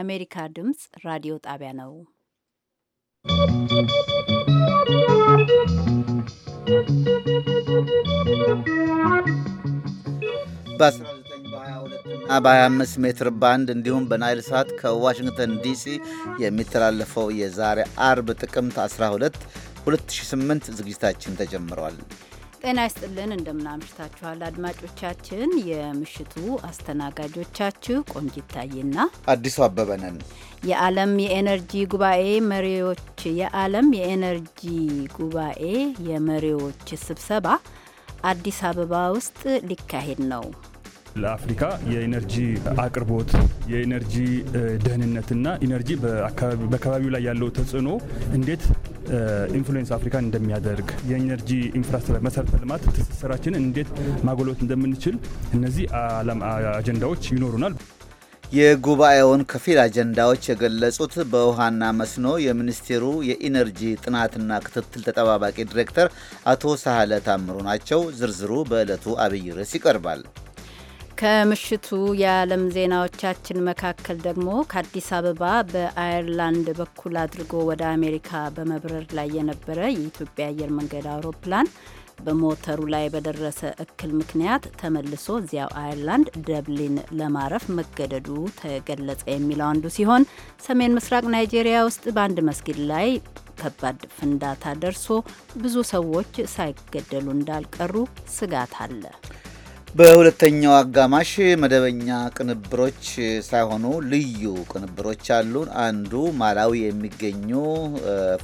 የአሜሪካ ድምፅ ራዲዮ ጣቢያ ነው። በ19 በ25 ሜትር ባንድ እንዲሁም በናይል ሳት ከዋሽንግተን ዲሲ የሚተላለፈው የዛሬ አርብ ጥቅምት 12 2008 ዝግጅታችን ተጀምሯል። ጤና ይስጥልን እንደምናምሽታችኋል አድማጮቻችን። የምሽቱ አስተናጋጆቻችሁ ቆንጂት ታዬና አዲሱ አበበ ነን። የዓለም የኤነርጂ ጉባኤ መሪዎች የዓለም የኤነርጂ ጉባኤ የመሪዎች ስብሰባ አዲስ አበባ ውስጥ ሊካሄድ ነው። ለአፍሪካ የኢነርጂ አቅርቦት፣ የኢነርጂ ደህንነትና ኢነርጂ በአካባቢው ላይ ያለው ተጽዕኖ እንዴት ኢንፍሉዌንስ አፍሪካን እንደሚያደርግ የኤነርጂ ኢንፍራስትራክቸር መሰረተ ልማት ትስስራችንን እንዴት ማጎልበት እንደምንችል እነዚህ ዓለም አጀንዳዎች ይኖሩናል። የጉባኤውን ከፊል አጀንዳዎች የገለጹት በውሃና መስኖ የሚኒስቴሩ የኢነርጂ ጥናትና ክትትል ተጠባባቂ ዲሬክተር አቶ ሳህለ ታምሩ ናቸው። ዝርዝሩ በዕለቱ አብይ ርዕስ ይቀርባል። ከምሽቱ የዓለም ዜናዎቻችን መካከል ደግሞ ከአዲስ አበባ በአየርላንድ በኩል አድርጎ ወደ አሜሪካ በመብረር ላይ የነበረ የኢትዮጵያ አየር መንገድ አውሮፕላን በሞተሩ ላይ በደረሰ እክል ምክንያት ተመልሶ እዚያው አየርላንድ ደብሊን ለማረፍ መገደዱ ተገለጸ የሚለው አንዱ ሲሆን ሰሜን ምስራቅ ናይጄሪያ ውስጥ በአንድ መስጊድ ላይ ከባድ ፍንዳታ ደርሶ ብዙ ሰዎች ሳይገደሉ እንዳልቀሩ ስጋት አለ። በሁለተኛው አጋማሽ መደበኛ ቅንብሮች ሳይሆኑ ልዩ ቅንብሮች አሉን። አንዱ ማላዊ የሚገኙ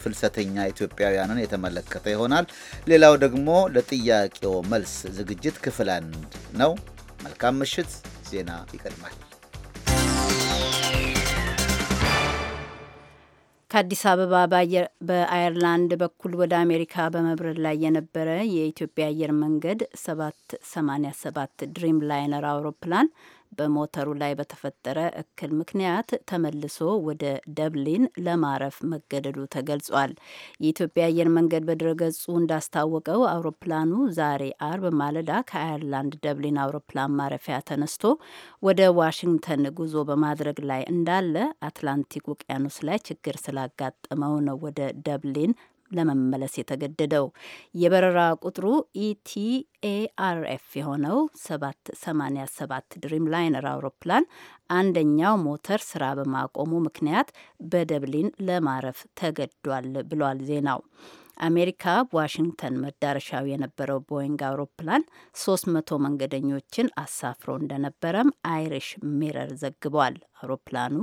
ፍልሰተኛ ኢትዮጵያውያንን የተመለከተ ይሆናል። ሌላው ደግሞ ለጥያቄው መልስ ዝግጅት ክፍል አንድ ነው። መልካም ምሽት። ዜና ይቀድማል። ከአዲስ አበባ በአየርላንድ በኩል ወደ አሜሪካ በመብረር ላይ የነበረ የኢትዮጵያ አየር መንገድ 787 ድሪም ላይነር አውሮፕላን በሞተሩ ላይ በተፈጠረ እክል ምክንያት ተመልሶ ወደ ደብሊን ለማረፍ መገደዱ ተገልጿል። የኢትዮጵያ አየር መንገድ በድረገጹ እንዳስታወቀው አውሮፕላኑ ዛሬ አርብ ማለዳ ከአየርላንድ ደብሊን አውሮፕላን ማረፊያ ተነስቶ ወደ ዋሽንግተን ጉዞ በማድረግ ላይ እንዳለ አትላንቲክ ውቅያኖስ ላይ ችግር ስላጋጠመው ነው ወደ ደብሊን ለመመለስ የተገደደው። የበረራ ቁጥሩ ኢቲኤአርኤፍ የሆነው 787 ድሪም ላይነር አውሮፕላን አንደኛው ሞተር ስራ በማቆሙ ምክንያት በደብሊን ለማረፍ ተገዷል ብሏል ዜናው። አሜሪካ ዋሽንግተን መዳረሻው የነበረው ቦይንግ አውሮፕላን 300 መንገደኞችን አሳፍሮ እንደነበረም አይሪሽ ሚረር ዘግቧል። አውሮፕላኑ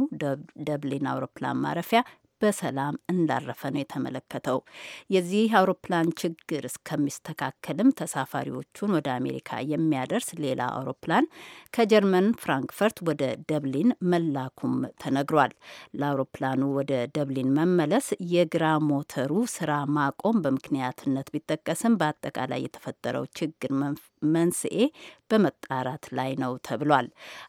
ደብሊን አውሮፕላን ማረፊያ በሰላም እንዳረፈ ነው የተመለከተው። የዚህ አውሮፕላን ችግር እስከሚስተካከልም ተሳፋሪዎቹን ወደ አሜሪካ የሚያደርስ ሌላ አውሮፕላን ከጀርመን ፍራንክፈርት ወደ ደብሊን መላኩም ተነግሯል። ለአውሮፕላኑ ወደ ደብሊን መመለስ የግራ ሞተሩ ስራ ማቆም በምክንያትነት ቢጠቀስም በአጠቃላይ የተፈጠረው ችግር መንስኤ በመጣራት ላይ ነው ተብሏል።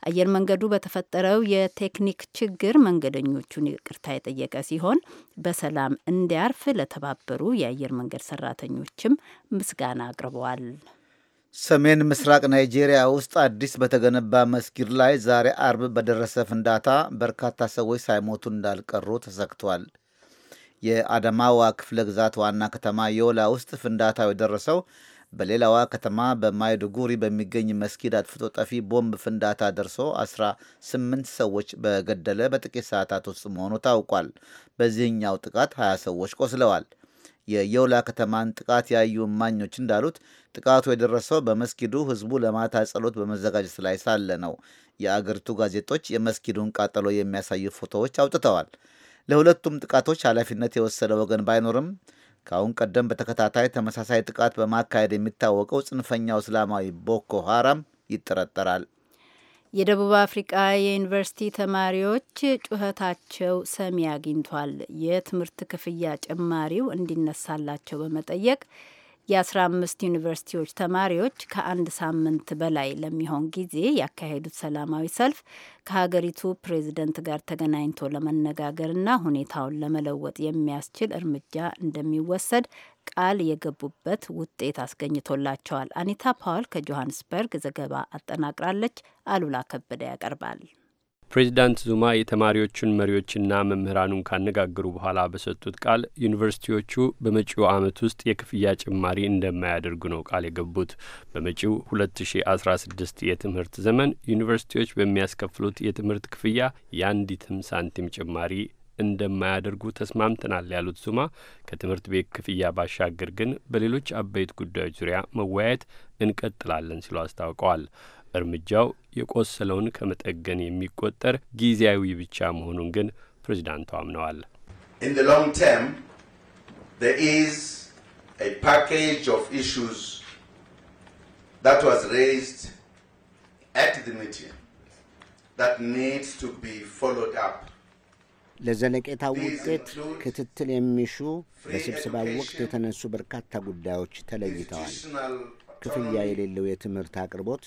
አየር መንገዱ በተፈጠረው የቴክኒክ ችግር መንገደኞቹን ይቅርታ የጠየቀ ሲሆን በሰላም እንዲያርፍ ለተባበሩ የአየር መንገድ ሰራተኞችም ምስጋና አቅርበዋል። ሰሜን ምስራቅ ናይጄሪያ ውስጥ አዲስ በተገነባ መስጊድ ላይ ዛሬ አርብ በደረሰ ፍንዳታ በርካታ ሰዎች ሳይሞቱ እንዳልቀሩ ተሰግቷል። የአዳማዋ ክፍለ ግዛት ዋና ከተማ ዮላ ውስጥ ፍንዳታው የደረሰው በሌላዋ ከተማ በማይዱጉሪ በሚገኝ መስጊድ አጥፍቶ ጠፊ ቦምብ ፍንዳታ ደርሶ 18 ሰዎች በገደለ በጥቂት ሰዓታት ውስጥ መሆኑ ታውቋል። በዚህኛው ጥቃት 20 ሰዎች ቆስለዋል። የየውላ ከተማን ጥቃት ያዩ እማኞች እንዳሉት ጥቃቱ የደረሰው በመስጊዱ ሕዝቡ ለማታ ጸሎት በመዘጋጀት ላይ ሳለ ነው። የአገሪቱ ጋዜጦች የመስጊዱን ቃጠሎ የሚያሳዩ ፎቶዎች አውጥተዋል። ለሁለቱም ጥቃቶች ኃላፊነት የወሰደ ወገን ባይኖርም ከአሁን ቀደም በተከታታይ ተመሳሳይ ጥቃት በማካሄድ የሚታወቀው ጽንፈኛው እስላማዊ ቦኮ ሃራም ይጠረጠራል። የደቡብ አፍሪቃ የዩኒቨርሲቲ ተማሪዎች ጩኸታቸው ሰሚ አግኝቷል። የትምህርት ክፍያ ጭማሪው እንዲነሳላቸው በመጠየቅ የ15 ዩኒቨርሲቲዎች ተማሪዎች ከአንድ ሳምንት በላይ ለሚሆን ጊዜ ያካሄዱት ሰላማዊ ሰልፍ ከሀገሪቱ ፕሬዝደንት ጋር ተገናኝቶ ለመነጋገርና ሁኔታውን ለመለወጥ የሚያስችል እርምጃ እንደሚወሰድ ቃል የገቡበት ውጤት አስገኝቶላቸዋል። አኒታ ፓውል ከጆሃንስበርግ ዘገባ አጠናቅራለች። አሉላ ከበደ ያቀርባል። ፕሬዚዳንት ዙማ የተማሪዎቹን መሪዎችና መምህራኑን ካነጋገሩ በኋላ በሰጡት ቃል ዩኒቨርስቲዎቹ በመጪው ዓመት ውስጥ የክፍያ ጭማሪ እንደማያደርጉ ነው ቃል የገቡት። በመጪው 2016 የትምህርት ዘመን ዩኒቨርስቲዎች በሚያስከፍሉት የትምህርት ክፍያ የአንዲትም ሳንቲም ጭማሪ እንደማያደርጉ ተስማምተናል ያሉት ዙማ ከትምህርት ቤት ክፍያ ባሻገር ግን በሌሎች አበይት ጉዳዮች ዙሪያ መወያየት እንቀጥላለን ሲሉ አስታውቀዋል። እርምጃው የቆሰለውን ከመጠገን የሚቆጠር ጊዜያዊ ብቻ መሆኑን ግን ፕሬዚዳንቱ አምነዋል። ለዘለቄታው ውጤት ክትትል የሚሹ በስብሰባው ወቅት የተነሱ በርካታ ጉዳዮች ተለይተዋል። ክፍያ የሌለው የትምህርት አቅርቦት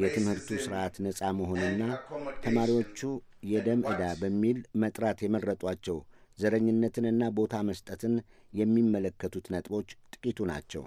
የትምህርቱ ስርዓት ነፃ መሆንና ተማሪዎቹ የደም ዕዳ በሚል መጥራት የመረጧቸው ዘረኝነትንና ቦታ መስጠትን የሚመለከቱት ነጥቦች ጥቂቱ ናቸው።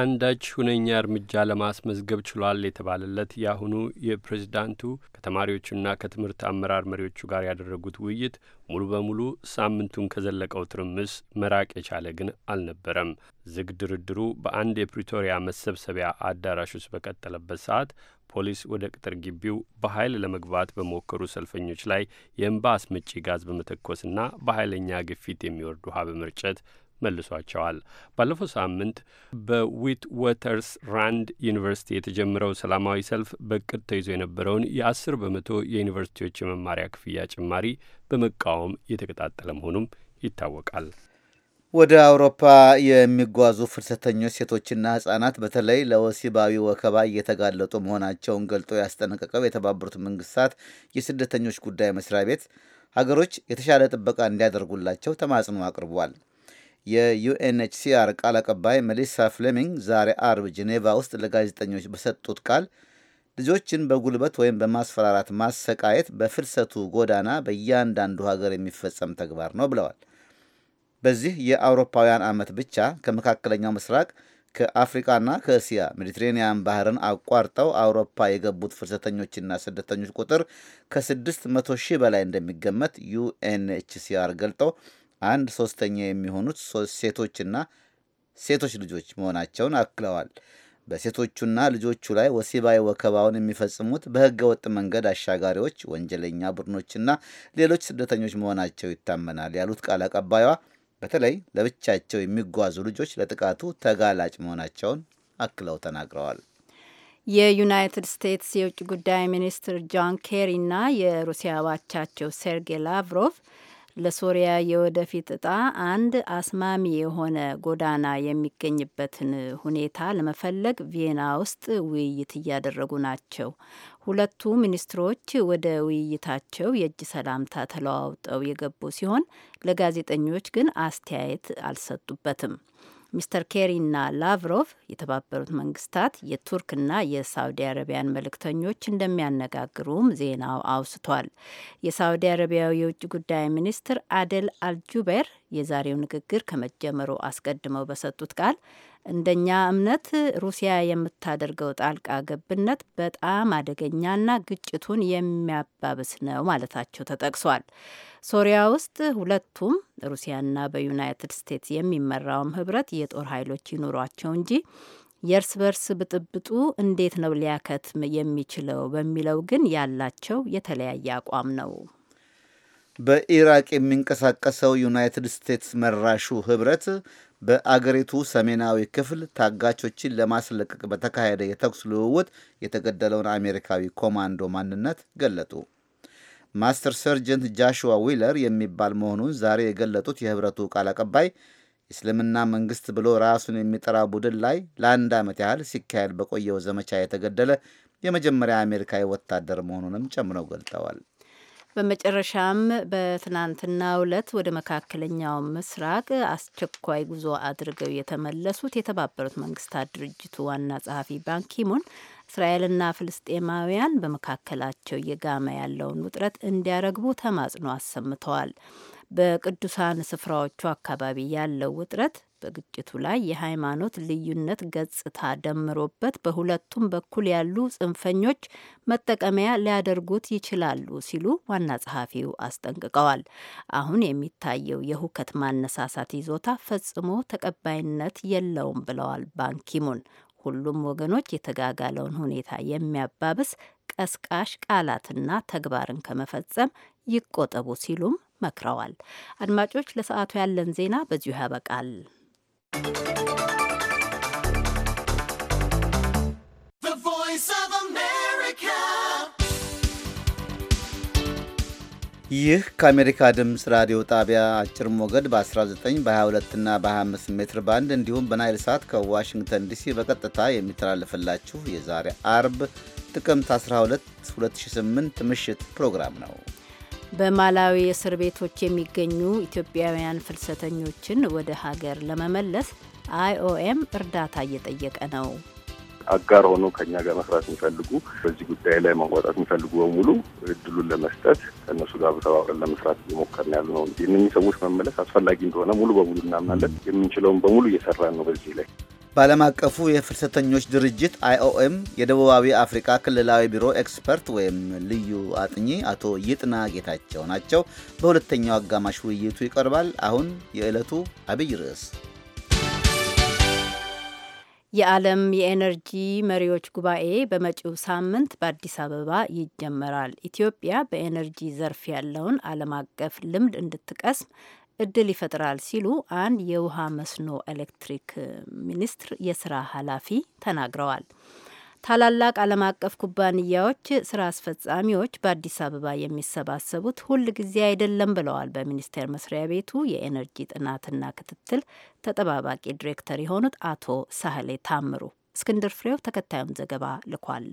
አንዳች ሁነኛ እርምጃ ለማስመዝገብ ችሏል የተባለለት የአሁኑ የፕሬዚዳንቱ ከተማሪዎቹና ከትምህርት አመራር መሪዎቹ ጋር ያደረጉት ውይይት ሙሉ በሙሉ ሳምንቱን ከዘለቀው ትርምስ መራቅ የቻለ ግን አልነበረም። ዝግ ድርድሩ በአንድ የፕሪቶሪያ መሰብሰቢያ አዳራሽ ውስጥ በቀጠለበት ሰዓት ፖሊስ ወደ ቅጥር ግቢው በኃይል ለመግባት በሞከሩ ሰልፈኞች ላይ የእንባ አስመጪ ጋዝ በመተኮስና በኃይለኛ ግፊት የሚወርድ ውሃ በመርጨት መልሷቸዋል። ባለፈው ሳምንት በዊት ወተርስ ራንድ ዩኒቨርሲቲ የተጀመረው ሰላማዊ ሰልፍ በቅድ ተይዞ የነበረውን የአስር በመቶ የዩኒቨርሲቲዎች የመማሪያ ክፍያ ጭማሪ በመቃወም የተቀጣጠለ መሆኑም ይታወቃል። ወደ አውሮፓ የሚጓዙ ፍልሰተኞች ሴቶችና ህጻናት በተለይ ለወሲባዊ ወከባ እየተጋለጡ መሆናቸውን ገልጦ ያስጠነቀቀው የተባበሩት መንግስታት የስደተኞች ጉዳይ መስሪያ ቤት ሀገሮች የተሻለ ጥበቃ እንዲያደርጉላቸው ተማጽኖ አቅርቧል። የዩኤንኤችሲአር ቃል አቀባይ መሊሳ ፍሌሚንግ ዛሬ አርብ ጄኔቫ ውስጥ ለጋዜጠኞች በሰጡት ቃል ልጆችን በጉልበት ወይም በማስፈራራት ማሰቃየት በፍልሰቱ ጎዳና በእያንዳንዱ ሀገር የሚፈጸም ተግባር ነው ብለዋል። በዚህ የአውሮፓውያን ዓመት ብቻ ከመካከለኛው ምስራቅ ከአፍሪቃና ከእስያ ሜዲትሬኒያን ባህርን አቋርጠው አውሮፓ የገቡት ፍልሰተኞችና ስደተኞች ቁጥር ከ600 ሺህ በላይ እንደሚገመት ዩኤንኤችሲአር ገልጠው አንድ ሶስተኛ የሚሆኑት ሴቶችና ሴቶች ልጆች መሆናቸውን አክለዋል። በሴቶቹና ልጆቹ ላይ ወሲባዊ ወከባውን የሚፈጽሙት በህገ ወጥ መንገድ አሻጋሪዎች፣ ወንጀለኛ ቡድኖችና ሌሎች ስደተኞች መሆናቸው ይታመናል ያሉት ቃል አቀባዩዋ በተለይ ለብቻቸው የሚጓዙ ልጆች ለጥቃቱ ተጋላጭ መሆናቸውን አክለው ተናግረዋል። የዩናይትድ ስቴትስ የውጭ ጉዳይ ሚኒስትር ጆን ኬሪ እና የሩሲያ ባቻቸው ሴርጌ ላቭሮቭ ለሶሪያ የወደፊት እጣ አንድ አስማሚ የሆነ ጎዳና የሚገኝበትን ሁኔታ ለመፈለግ ቪየና ውስጥ ውይይት እያደረጉ ናቸው። ሁለቱ ሚኒስትሮች ወደ ውይይታቸው የእጅ ሰላምታ ተለዋውጠው የገቡ ሲሆን ለጋዜጠኞች ግን አስተያየት አልሰጡበትም። ሚስተር ኬሪና ላቭሮቭ የተባበሩት መንግስታት የቱርክና የሳውዲ አረቢያን መልእክተኞች እንደሚያነጋግሩም ዜናው አውስቷል። የሳውዲ አረቢያው የውጭ ጉዳይ ሚኒስትር አደል አልጁበር የዛሬው ንግግር ከመጀመሩ አስቀድመው በሰጡት ቃል እንደኛ እምነት ሩሲያ የምታደርገው ጣልቃ ገብነት በጣም አደገኛና ግጭቱን የሚያባብስ ነው ማለታቸው ተጠቅሷል። ሶሪያ ውስጥ ሁለቱም ሩሲያና በዩናይትድ ስቴትስ የሚመራውም ህብረት የጦር ኃይሎች ይኑሯቸው እንጂ የእርስ በርስ ብጥብጡ እንዴት ነው ሊያከትም የሚችለው በሚለው ግን ያላቸው የተለያየ አቋም ነው። በኢራቅ የሚንቀሳቀሰው ዩናይትድ ስቴትስ መራሹ ህብረት በአገሪቱ ሰሜናዊ ክፍል ታጋቾችን ለማስለቀቅ በተካሄደ የተኩስ ልውውጥ የተገደለውን አሜሪካዊ ኮማንዶ ማንነት ገለጡ። ማስተር ሰርጀንት ጃሽዋ ዊለር የሚባል መሆኑን ዛሬ የገለጡት የህብረቱ ቃል አቀባይ እስልምና መንግስት ብሎ ራሱን የሚጠራ ቡድን ላይ ለአንድ ዓመት ያህል ሲካሄድ በቆየው ዘመቻ የተገደለ የመጀመሪያ አሜሪካዊ ወታደር መሆኑንም ጨምረው ገልጠዋል። በመጨረሻም በትናንትናው ዕለት ወደ መካከለኛው ምስራቅ አስቸኳይ ጉዞ አድርገው የተመለሱት የተባበሩት መንግስታት ድርጅቱ ዋና ጸሐፊ ባንኪሙን እስራኤልና ፍልስጤማውያን በመካከላቸው እየጋመ ያለውን ውጥረት እንዲያረግቡ ተማጽኖ አሰምተዋል። በቅዱሳን ስፍራዎቹ አካባቢ ያለው ውጥረት በግጭቱ ላይ የሃይማኖት ልዩነት ገጽታ ደምሮበት በሁለቱም በኩል ያሉ ጽንፈኞች መጠቀሚያ ሊያደርጉት ይችላሉ ሲሉ ዋና ጸሐፊው አስጠንቅቀዋል። አሁን የሚታየው የሁከት ማነሳሳት ይዞታ ፈጽሞ ተቀባይነት የለውም ብለዋል ባንኪሙን። ሁሉም ወገኖች የተጋጋለውን ሁኔታ የሚያባብስ ቀስቃሽ ቃላትና ተግባርን ከመፈጸም ይቆጠቡ ሲሉም መክረዋል። አድማጮች፣ ለሰዓቱ ያለን ዜና በዚሁ ያበቃል። ይህ ከአሜሪካ ድምፅ ራዲዮ ጣቢያ አጭር ሞገድ በ19 በ22 እና በ25 ሜትር ባንድ እንዲሁም በናይል ሰዓት ከዋሽንግተን ዲሲ በቀጥታ የሚተላለፍላችሁ የዛሬ አርብ ጥቅምት 12 2008 ምሽት ፕሮግራም ነው። በማላዊ እስር ቤቶች የሚገኙ ኢትዮጵያውያን ፍልሰተኞችን ወደ ሀገር ለመመለስ አይኦኤም እርዳታ እየጠየቀ ነው። አጋር ሆኖ ከኛ ጋር መስራት የሚፈልጉ በዚህ ጉዳይ ላይ ማዋጣት የሚፈልጉ በሙሉ እድሉን ለመስጠት ከእነሱ ጋር በተባብረን ለመስራት እየሞከርን ያሉ ነው። እነኚህ ሰዎች መመለስ አስፈላጊ እንደሆነ ሙሉ በሙሉ እናምናለን። የምንችለውን በሙሉ እየሰራን ነው በዚህ ላይ በዓለም አቀፉ የፍልሰተኞች ድርጅት አይኦኤም የደቡባዊ አፍሪካ ክልላዊ ቢሮ ኤክስፐርት ወይም ልዩ አጥኚ አቶ ይጥና ጌታቸው ናቸው። በሁለተኛው አጋማሽ ውይይቱ ይቀርባል። አሁን የዕለቱ አብይ ርዕስ የዓለም የኤነርጂ መሪዎች ጉባኤ በመጪው ሳምንት በአዲስ አበባ ይጀመራል። ኢትዮጵያ በኤነርጂ ዘርፍ ያለውን ዓለም አቀፍ ልምድ እንድትቀስም እድል ይፈጥራል ሲሉ አንድ የውሃ መስኖ ኤሌክትሪክ ሚኒስትር የስራ ኃላፊ ተናግረዋል። ታላላቅ ዓለም አቀፍ ኩባንያዎች ስራ አስፈጻሚዎች በአዲስ አበባ የሚሰባሰቡት ሁል ጊዜ አይደለም ብለዋል በሚኒስቴር መስሪያ ቤቱ የኤነርጂ ጥናትና ክትትል ተጠባባቂ ዲሬክተር የሆኑት አቶ ሳህሌ ታምሩ። እስክንድር ፍሬው ተከታዩን ዘገባ ልኳል።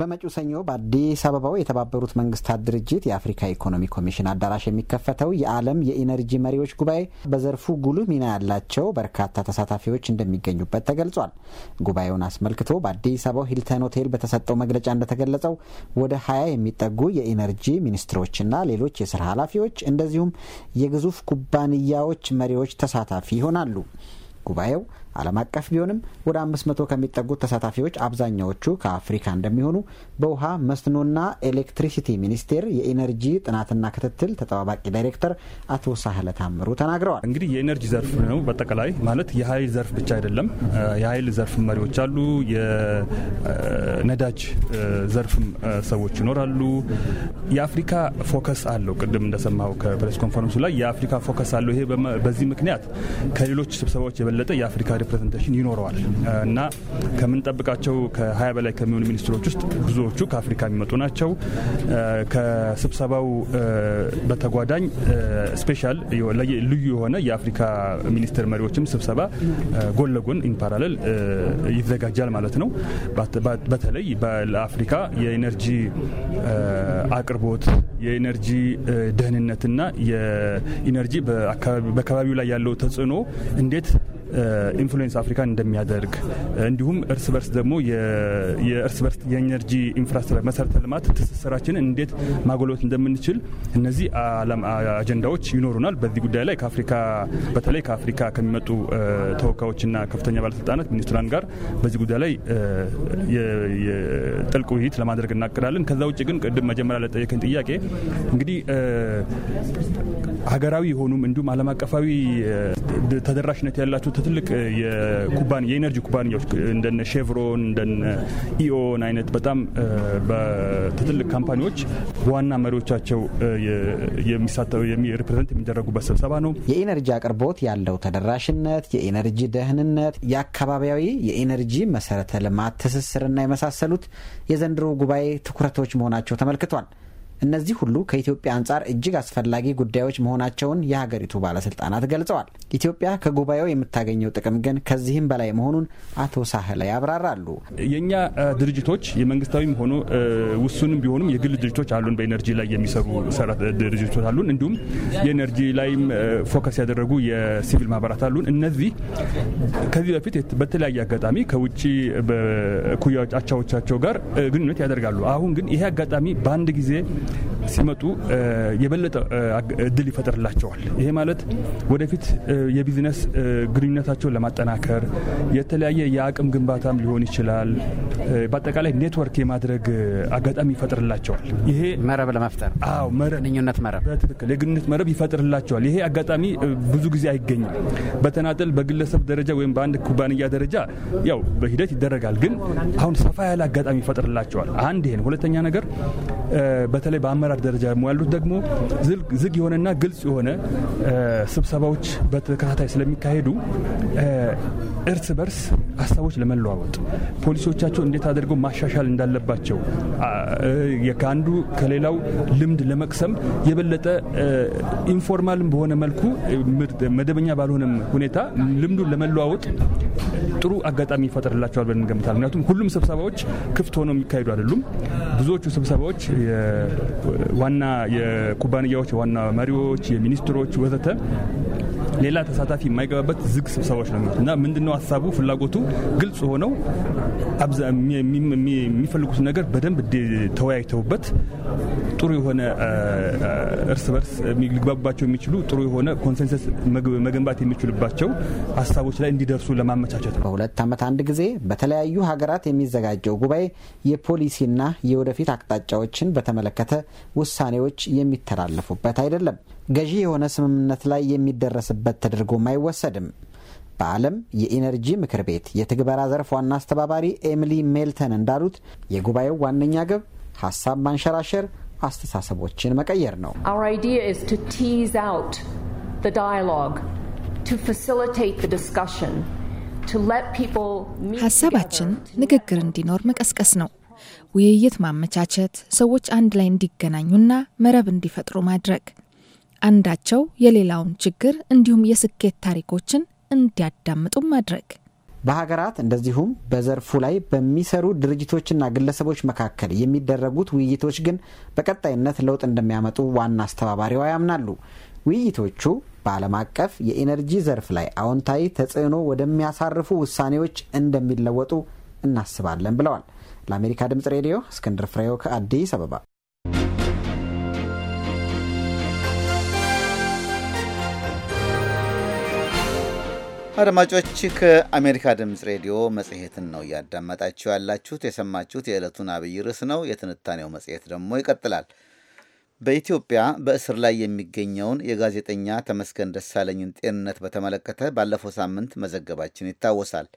በመጪው ሰኞ በአዲስ አበባው የተባበሩት መንግስታት ድርጅት የአፍሪካ ኢኮኖሚ ኮሚሽን አዳራሽ የሚከፈተው የዓለም የኢነርጂ መሪዎች ጉባኤ በዘርፉ ጉልህ ሚና ያላቸው በርካታ ተሳታፊዎች እንደሚገኙበት ተገልጿል። ጉባኤውን አስመልክቶ በአዲስ አበባው ሂልተን ሆቴል በተሰጠው መግለጫ እንደተገለጸው ወደ ሀያ የሚጠጉ የኢነርጂ ሚኒስትሮችና ሌሎች የስራ ኃላፊዎች እንደዚሁም የግዙፍ ኩባንያዎች መሪዎች ተሳታፊ ይሆናሉ። ጉባኤው ዓለም አቀፍ ቢሆንም ወደ 500 ከሚጠጉት ተሳታፊዎች አብዛኛዎቹ ከአፍሪካ እንደሚሆኑ በውሃ መስኖና ኤሌክትሪሲቲ ሚኒስቴር የኢነርጂ ጥናትና ክትትል ተጠባባቂ ዳይሬክተር አቶ ሳህለ ታምሩ ተናግረዋል። እንግዲህ የኤነርጂ ዘርፍ ነው በጠቃላይ ማለት የኃይል ዘርፍ ብቻ አይደለም። የኃይል ዘርፍ መሪዎች አሉ። የነዳጅ ዘርፍም ሰዎች ይኖራሉ። የአፍሪካ ፎከስ አለው። ቅድም እንደሰማው ከፕሬስ ኮንፈረንሱ ላይ የአፍሪካ ፎከስ አለው። ይሄ በዚህ ምክንያት ከሌሎች ስብሰባዎች የበለጠ የአፍሪካ ሪፕሬዘንቴሽን ይኖረዋል እና ከምንጠብቃቸው ከ20 በላይ ከሚሆኑ ሚኒስትሮች ውስጥ ብዙዎቹ ከአፍሪካ የሚመጡ ናቸው። ከስብሰባው በተጓዳኝ ስፔሻል ልዩ የሆነ የአፍሪካ ሚኒስትር መሪዎችም ስብሰባ ጎን ለጎን ኢንፓራለል ይዘጋጃል ማለት ነው። በተለይ ለአፍሪካ የኤነርጂ አቅርቦት፣ የኤነርጂ ደህንነትና የኢነርጂ በአካባቢው ላይ ያለው ተጽዕኖ እንዴት ኢንፍሉዌንስ አፍሪካን እንደሚያደርግ እንዲሁም እርስ በርስ ደግሞ የእርስ በርስ የኤነርጂ ኢንፍራስትራክቸር መሰረተ ልማት ትስስራችንን እንዴት ማጎልበት እንደምንችል እነዚህ አጀንዳዎች ይኖሩናል። በዚህ ጉዳይ ላይ ከአፍሪካ በተለይ ከአፍሪካ ከሚመጡ ተወካዮችና ከፍተኛ ባለስልጣናት ሚኒስትራን ጋር በዚህ ጉዳይ ላይ ጥልቅ ውይይት ለማድረግ እናቅዳለን። ከዛ ውጭ ግን ቅድም መጀመሪያ ለጠየቀኝ ጥያቄ እንግዲህ ሀገራዊ የሆኑም እንዲሁም ዓለም አቀፋዊ ተደራሽነት ያላቸው ትልቅ የኤነርጂ ኩባንያዎች እንደነ ሼቭሮን እንደነ ኢኦን አይነት በጣም ትልቅ ካምፓኒዎች ዋና መሪዎቻቸው ሪፕሬዘንት የሚደረጉበት ስብሰባ ነው። የኤነርጂ አቅርቦት ያለው ተደራሽነት፣ የኤነርጂ ደህንነት፣ የአካባቢያዊ የኤነርጂ መሰረተ ልማት ትስስርና የመሳሰሉት የዘንድሮ ጉባኤ ትኩረቶች መሆናቸው ተመልክቷል። እነዚህ ሁሉ ከኢትዮጵያ አንጻር እጅግ አስፈላጊ ጉዳዮች መሆናቸውን የሀገሪቱ ባለስልጣናት ገልጸዋል። ኢትዮጵያ ከጉባኤው የምታገኘው ጥቅም ግን ከዚህም በላይ መሆኑን አቶ ሳህለ ያብራራሉ። የእኛ ድርጅቶች የመንግስታዊም ሆኖ ውሱንም ቢሆኑም የግል ድርጅቶች አሉን። በኤነርጂ ላይ የሚሰሩ ድርጅቶች አሉን። እንዲሁም የኤነርጂ ላይም ፎከስ ያደረጉ የሲቪል ማህበራት አሉን። እነዚህ ከዚህ በፊት በተለያየ አጋጣሚ ከውጭ በኩያዎች አቻዎቻቸው ጋር ግንኙነት ያደርጋሉ። አሁን ግን ይሄ አጋጣሚ በአንድ ጊዜ ሲመጡ የበለጠ እድል ይፈጥርላቸዋል። ይሄ ማለት ወደፊት የቢዝነስ ግንኙነታቸውን ለማጠናከር የተለያየ የአቅም ግንባታም ሊሆን ይችላል። በአጠቃላይ ኔትወርክ የማድረግ አጋጣሚ ይፈጥርላቸዋል። ይሄ መረብ ለመፍጠር አዎ፣ ግንኙነት መረብ በትክክል የግንኙነት መረብ ይፈጥርላቸዋል። ይሄ አጋጣሚ ብዙ ጊዜ አይገኝም። በተናጠል በግለሰብ ደረጃ ወይም በአንድ ኩባንያ ደረጃ ያው በሂደት ይደረጋል። ግን አሁን ሰፋ ያለ አጋጣሚ ይፈጥርላቸዋል። አንድ ይሄን ሁለተኛ ነገር በተለይ በተለይ በአመራር ደረጃ ያሉት ደግሞ ዝግ የሆነና ግልጽ የሆነ ስብሰባዎች በተከታታይ ስለሚካሄዱ እርስ በርስ ሀሳቦች ለመለዋወጥ ፖሊሲዎቻቸው እንዴት አድርገው ማሻሻል እንዳለባቸው ከአንዱ ከሌላው ልምድ ለመቅሰም የበለጠ ኢንፎርማልም በሆነ መልኩ መደበኛ ባልሆነም ሁኔታ ልምዱን ለመለዋወጥ ጥሩ አጋጣሚ ይፈጠርላቸዋል ብለን እንገምታለን። ምክንያቱም ሁሉም ስብሰባዎች ክፍት ሆነው የሚካሄዱ አይደሉም። ብዙዎቹ ስብሰባዎች ዋና የኩባንያዎች ዋና መሪዎች፣ የሚኒስትሮች ወዘተ ሌላ ተሳታፊ የማይገባበት ዝግ ስብሰባዎች ነው እና ምንድነው ሀሳቡ ፍላጎቱ ግልጽ ሆነው የሚፈልጉት ነገር በደንብ ተወያይተውበት ጥሩ የሆነ እርስ በርስ ሊግባቡባቸው የሚችሉ ጥሩ የሆነ ኮንሰንሰስ መገንባት የሚችሉባቸው ሀሳቦች ላይ እንዲደርሱ ለማመቻቸት በሁለት ዓመት አንድ ጊዜ በተለያዩ ሀገራት የሚዘጋጀው ጉባኤ የፖሊሲና የወደፊት አቅጣጫዎችን በተመለከተ ውሳኔዎች የሚተላለፉበት አይደለም። ገዢ የሆነ ስምምነት ላይ የሚደረስበት ተደርጎም አይወሰድም። በዓለም የኢነርጂ ምክር ቤት የትግበራ ዘርፍ ዋና አስተባባሪ ኤሚሊ ሜልተን እንዳሉት የጉባኤው ዋነኛ ግብ ሀሳብ ማንሸራሸር፣ አስተሳሰቦችን መቀየር ነው። ሀሳባችን ንግግር እንዲኖር መቀስቀስ ነው። ውይይት ማመቻቸት፣ ሰዎች አንድ ላይ እንዲገናኙና መረብ እንዲፈጥሩ ማድረግ አንዳቸው የሌላውን ችግር እንዲሁም የስኬት ታሪኮችን እንዲያዳምጡ ማድረግ በሀገራት እንደዚሁም በዘርፉ ላይ በሚሰሩ ድርጅቶችና ግለሰቦች መካከል የሚደረጉት ውይይቶች ግን በቀጣይነት ለውጥ እንደሚያመጡ ዋና አስተባባሪዋ ያምናሉ። ውይይቶቹ በዓለም አቀፍ የኢነርጂ ዘርፍ ላይ አዎንታዊ ተጽዕኖ ወደሚያሳርፉ ውሳኔዎች እንደሚለወጡ እናስባለን ብለዋል። ለአሜሪካ ድምጽ ሬዲዮ እስክንድር ፍሬው ከአዲስ አበባ አድማጮች ከአሜሪካ ድምፅ ሬዲዮ መጽሔትን ነው እያዳመጣችሁ ያላችሁት። የሰማችሁት የዕለቱን አብይ ርዕስ ነው። የትንታኔው መጽሔት ደግሞ ይቀጥላል። በኢትዮጵያ በእስር ላይ የሚገኘውን የጋዜጠኛ ተመስገን ደሳለኝን ጤንነት በተመለከተ ባለፈው ሳምንት መዘገባችን ይታወሳል።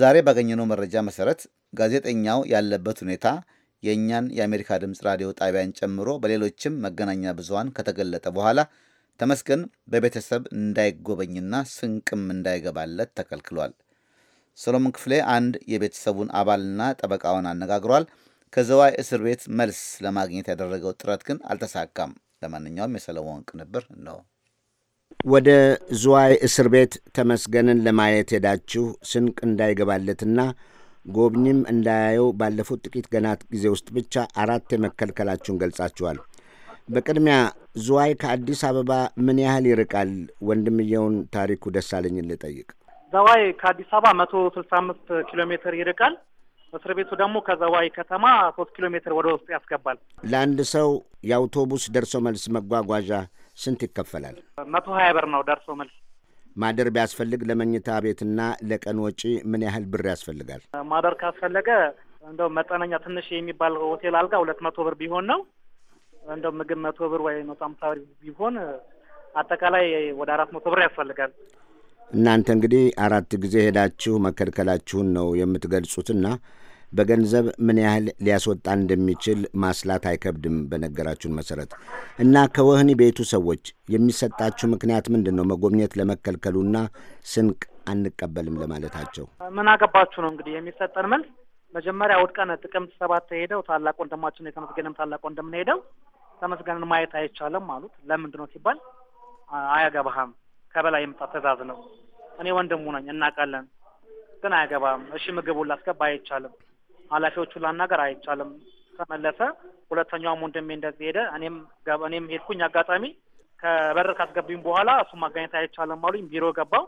ዛሬ ባገኘነው መረጃ መሰረት ጋዜጠኛው ያለበት ሁኔታ የእኛን የአሜሪካ ድምፅ ራዲዮ ጣቢያን ጨምሮ በሌሎችም መገናኛ ብዙሃን ከተገለጠ በኋላ ተመስገን በቤተሰብ እንዳይጎበኝና ስንቅም እንዳይገባለት ተከልክሏል። ሰሎሞን ክፍሌ አንድ የቤተሰቡን አባልና ጠበቃውን አነጋግሯል። ከዘዋይ እስር ቤት መልስ ለማግኘት ያደረገው ጥረት ግን አልተሳካም። ለማንኛውም የሰለሞን ቅንብር ነው። ወደ ዝዋይ እስር ቤት ተመስገንን ለማየት ሄዳችሁ ስንቅ እንዳይገባለትና ጎብኝም እንዳያየው ባለፉት ጥቂት ገናት ጊዜ ውስጥ ብቻ አራት የመከልከላችሁን ገልጻችኋል። በቅድሚያ ዝዋይ ከአዲስ አበባ ምን ያህል ይርቃል? ወንድምየውን ታሪኩ ደሳለኝን ልጠይቅ። ዘዋይ ከአዲስ አበባ መቶ ስልሳ አምስት ኪሎ ሜትር ይርቃል። እስር ቤቱ ደግሞ ከዘዋይ ከተማ ሶስት ኪሎ ሜትር ወደ ውስጥ ያስገባል። ለአንድ ሰው የአውቶቡስ ደርሶ መልስ መጓጓዣ ስንት ይከፈላል? መቶ ሀያ ብር ነው ደርሶ መልስ። ማደር ቢያስፈልግ ለመኝታ ቤትና ለቀን ወጪ ምን ያህል ብር ያስፈልጋል? ማደር ካስፈለገ እንደው መጠነኛ ትንሽ የሚባል ሆቴል አልጋ ሁለት መቶ ብር ቢሆን ነው። እንደው ምግብ መቶ ብር ወይ መቶ አምሳ ብር ቢሆን አጠቃላይ ወደ አራት መቶ ብር ያስፈልጋል። እናንተ እንግዲህ አራት ጊዜ ሄዳችሁ መከልከላችሁን ነው የምትገልጹትና በገንዘብ ምን ያህል ሊያስወጣ እንደሚችል ማስላት አይከብድም። በነገራችሁን መሰረት እና ከወህኒ ቤቱ ሰዎች የሚሰጣችሁ ምክንያት ምንድን ነው? መጎብኘት ለመከልከሉና ስንቅ አንቀበልም ለማለታቸው ምን አገባችሁ ነው እንግዲህ የሚሰጠን መልስ። መጀመሪያ እሑድ ቀን ጥቅምት ሰባት ሄደው ታላቅ ወንድማችን የተመስገንም ታላቅ ወንድምን ሄደው ተመስገንን ማየት አይቻልም አሉት። ለምንድን ነው ሲባል አያገባህም፣ ከበላይ የመጣ ትዕዛዝ ነው። እኔ ወንድሙ ነኝ እናውቃለን፣ ግን አያገባህም። እሺ ምግቡን ላስገባ አይቻልም፣ ኃላፊዎቹን ላናገር አይቻልም። ተመለሰ። ሁለተኛውም ወንድሜ እንደዚህ ሄደ። እኔም እኔም ሄድኩኝ። አጋጣሚ ከበር ካስገቢኝ በኋላ እሱ ማገኘት አይቻልም አሉኝ። ቢሮ ገባው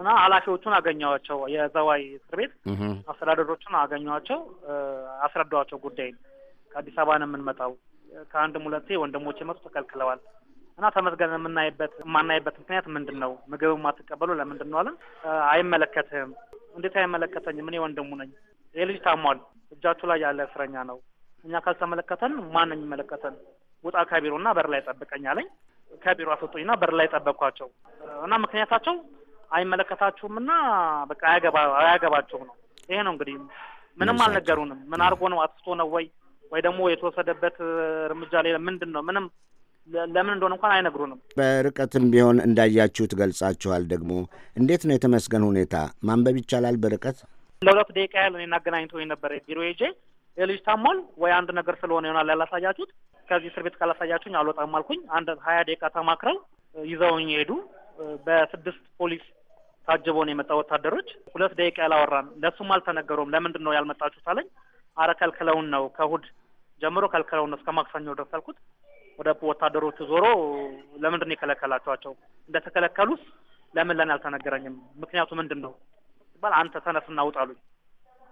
እና ኃላፊዎቹን አገኘኋቸው። የዘዋይ እስር ቤት አስተዳደሮቹን አገኘኋቸው፣ አስረዳኋቸው ከአዲስ አበባ ነው የምንመጣው ከአንድም ሁለቴ ወንድሞቼ መጡ ተከልክለዋል። እና ተመዝገን የምናይበት የማናይበት ምክንያት ምንድን ነው? ምግብ የማትቀበሉ ለምንድን ነው አለን። አይመለከትህም። እንዴት አይመለከተኝም? እኔ ወንድሙ ነኝ። ይህ ልጅ ታሟል። እጃችሁ ላይ ያለ እስረኛ ነው። እኛ ካልተመለከተን ማን ነው የሚመለከተን? ውጣ ከቢሮና በር ላይ ጠብቀኝ አለኝ። ከቢሮ አስወጡኝና በር ላይ ጠበቅኳቸው እና ምክንያታቸው አይመለከታችሁም እና በቃ አያገባቸውም ነው። ይሄ ነው እንግዲህ ምንም አልነገሩንም። ምን አድርጎ ነው አጥፍቶ ነው ወይ ወይ ደግሞ የተወሰደበት እርምጃ ሌላ ምንድን ነው? ምንም ለምን እንደሆነ እንኳን አይነግሩንም። በርቀትም ቢሆን እንዳያችሁት ገልጻችኋል። ደግሞ እንዴት ነው የተመስገን ሁኔታ ማንበብ ይቻላል? በርቀት ለሁለት ደቂቃ ያህል እኔን አገናኝቶኝ ነበረ ቢሮ ሄጄ የልጅ ታሟል ወይ አንድ ነገር ስለሆነ ይሆናል ያላሳያችሁት፣ ከዚህ እስር ቤት ካላሳያችሁኝ አልወጣም አልኩኝ። አንድ ሀያ ደቂቃ ተማክረው ይዘውኝ ሄዱ። በስድስት ፖሊስ ታጅቦ ነው የመጣ ወታደሮች። ሁለት ደቂቃ ያላወራን ለእሱም አልተነገሩም። ለምንድን ነው ያልመጣችሁት አለኝ። አረ ከልክለውን ነው ከእሑድ ጀምሮ ከልክለው እስከ ማክሰኞ ድረስ አልኩት። ወደ ወታደሮቹ ዞሮ ለምንድን የከለከላቸዋቸው? እንደተከለከሉስ ለምን ለኔ አልተነገረኝም? ምክንያቱ ምንድን ነው ሲባል አንተ ተነስና ውጣሉኝ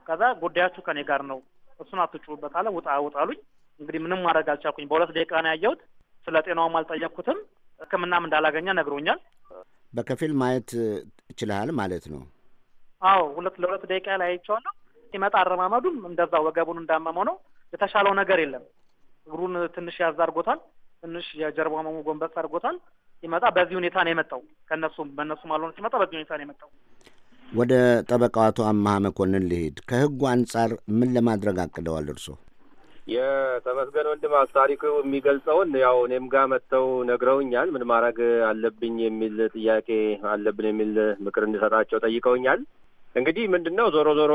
ከዛ ጉዳያችሁ ከኔ ጋር ነው፣ እሱን አትጩሁበት አለ። ውጣ ውጣሉኝ። እንግዲህ ምንም ማድረግ አልቻልኩኝ። በሁለት ደቂቃ ነው ያየሁት። ስለ ጤናውም አልጠየቅኩትም። ሕክምናም እንዳላገኘ ነግሮኛል። በከፊል ማየት ይችልሃል ማለት ነው? አዎ ሁለት ለሁለት ደቂቃ ላይ አይቼዋለሁ። ሲመጣ አረማመዱም እንደዛ ወገቡን እንዳመመው ነው። የተሻለው ነገር የለም። እግሩን ትንሽ ያዝ አድርጎታል። ትንሽ የጀርባ መሙ ጎንበስ አድርጎታል። ሲመጣ በዚህ ሁኔታ ነው የመጣው። ከእነሱም በእነሱም አልሆነ ሲመጣ በዚህ ሁኔታ ነው የመጣው። ወደ ጠበቃው አቶ አመሀ መኮንን ልሂድ። ከህጉ አንጻር ምን ለማድረግ አቅደዋል እርሶ? የተመስገን ወንድም አስታሪኩ የሚገልጸውን ያው እኔም ጋር መጥተው ነግረውኛል። ምን ማድረግ አለብኝ የሚል ጥያቄ አለብን የሚል ምክር እንዲሰጣቸው ጠይቀውኛል። እንግዲህ ምንድን ነው ዞሮ ዞሮ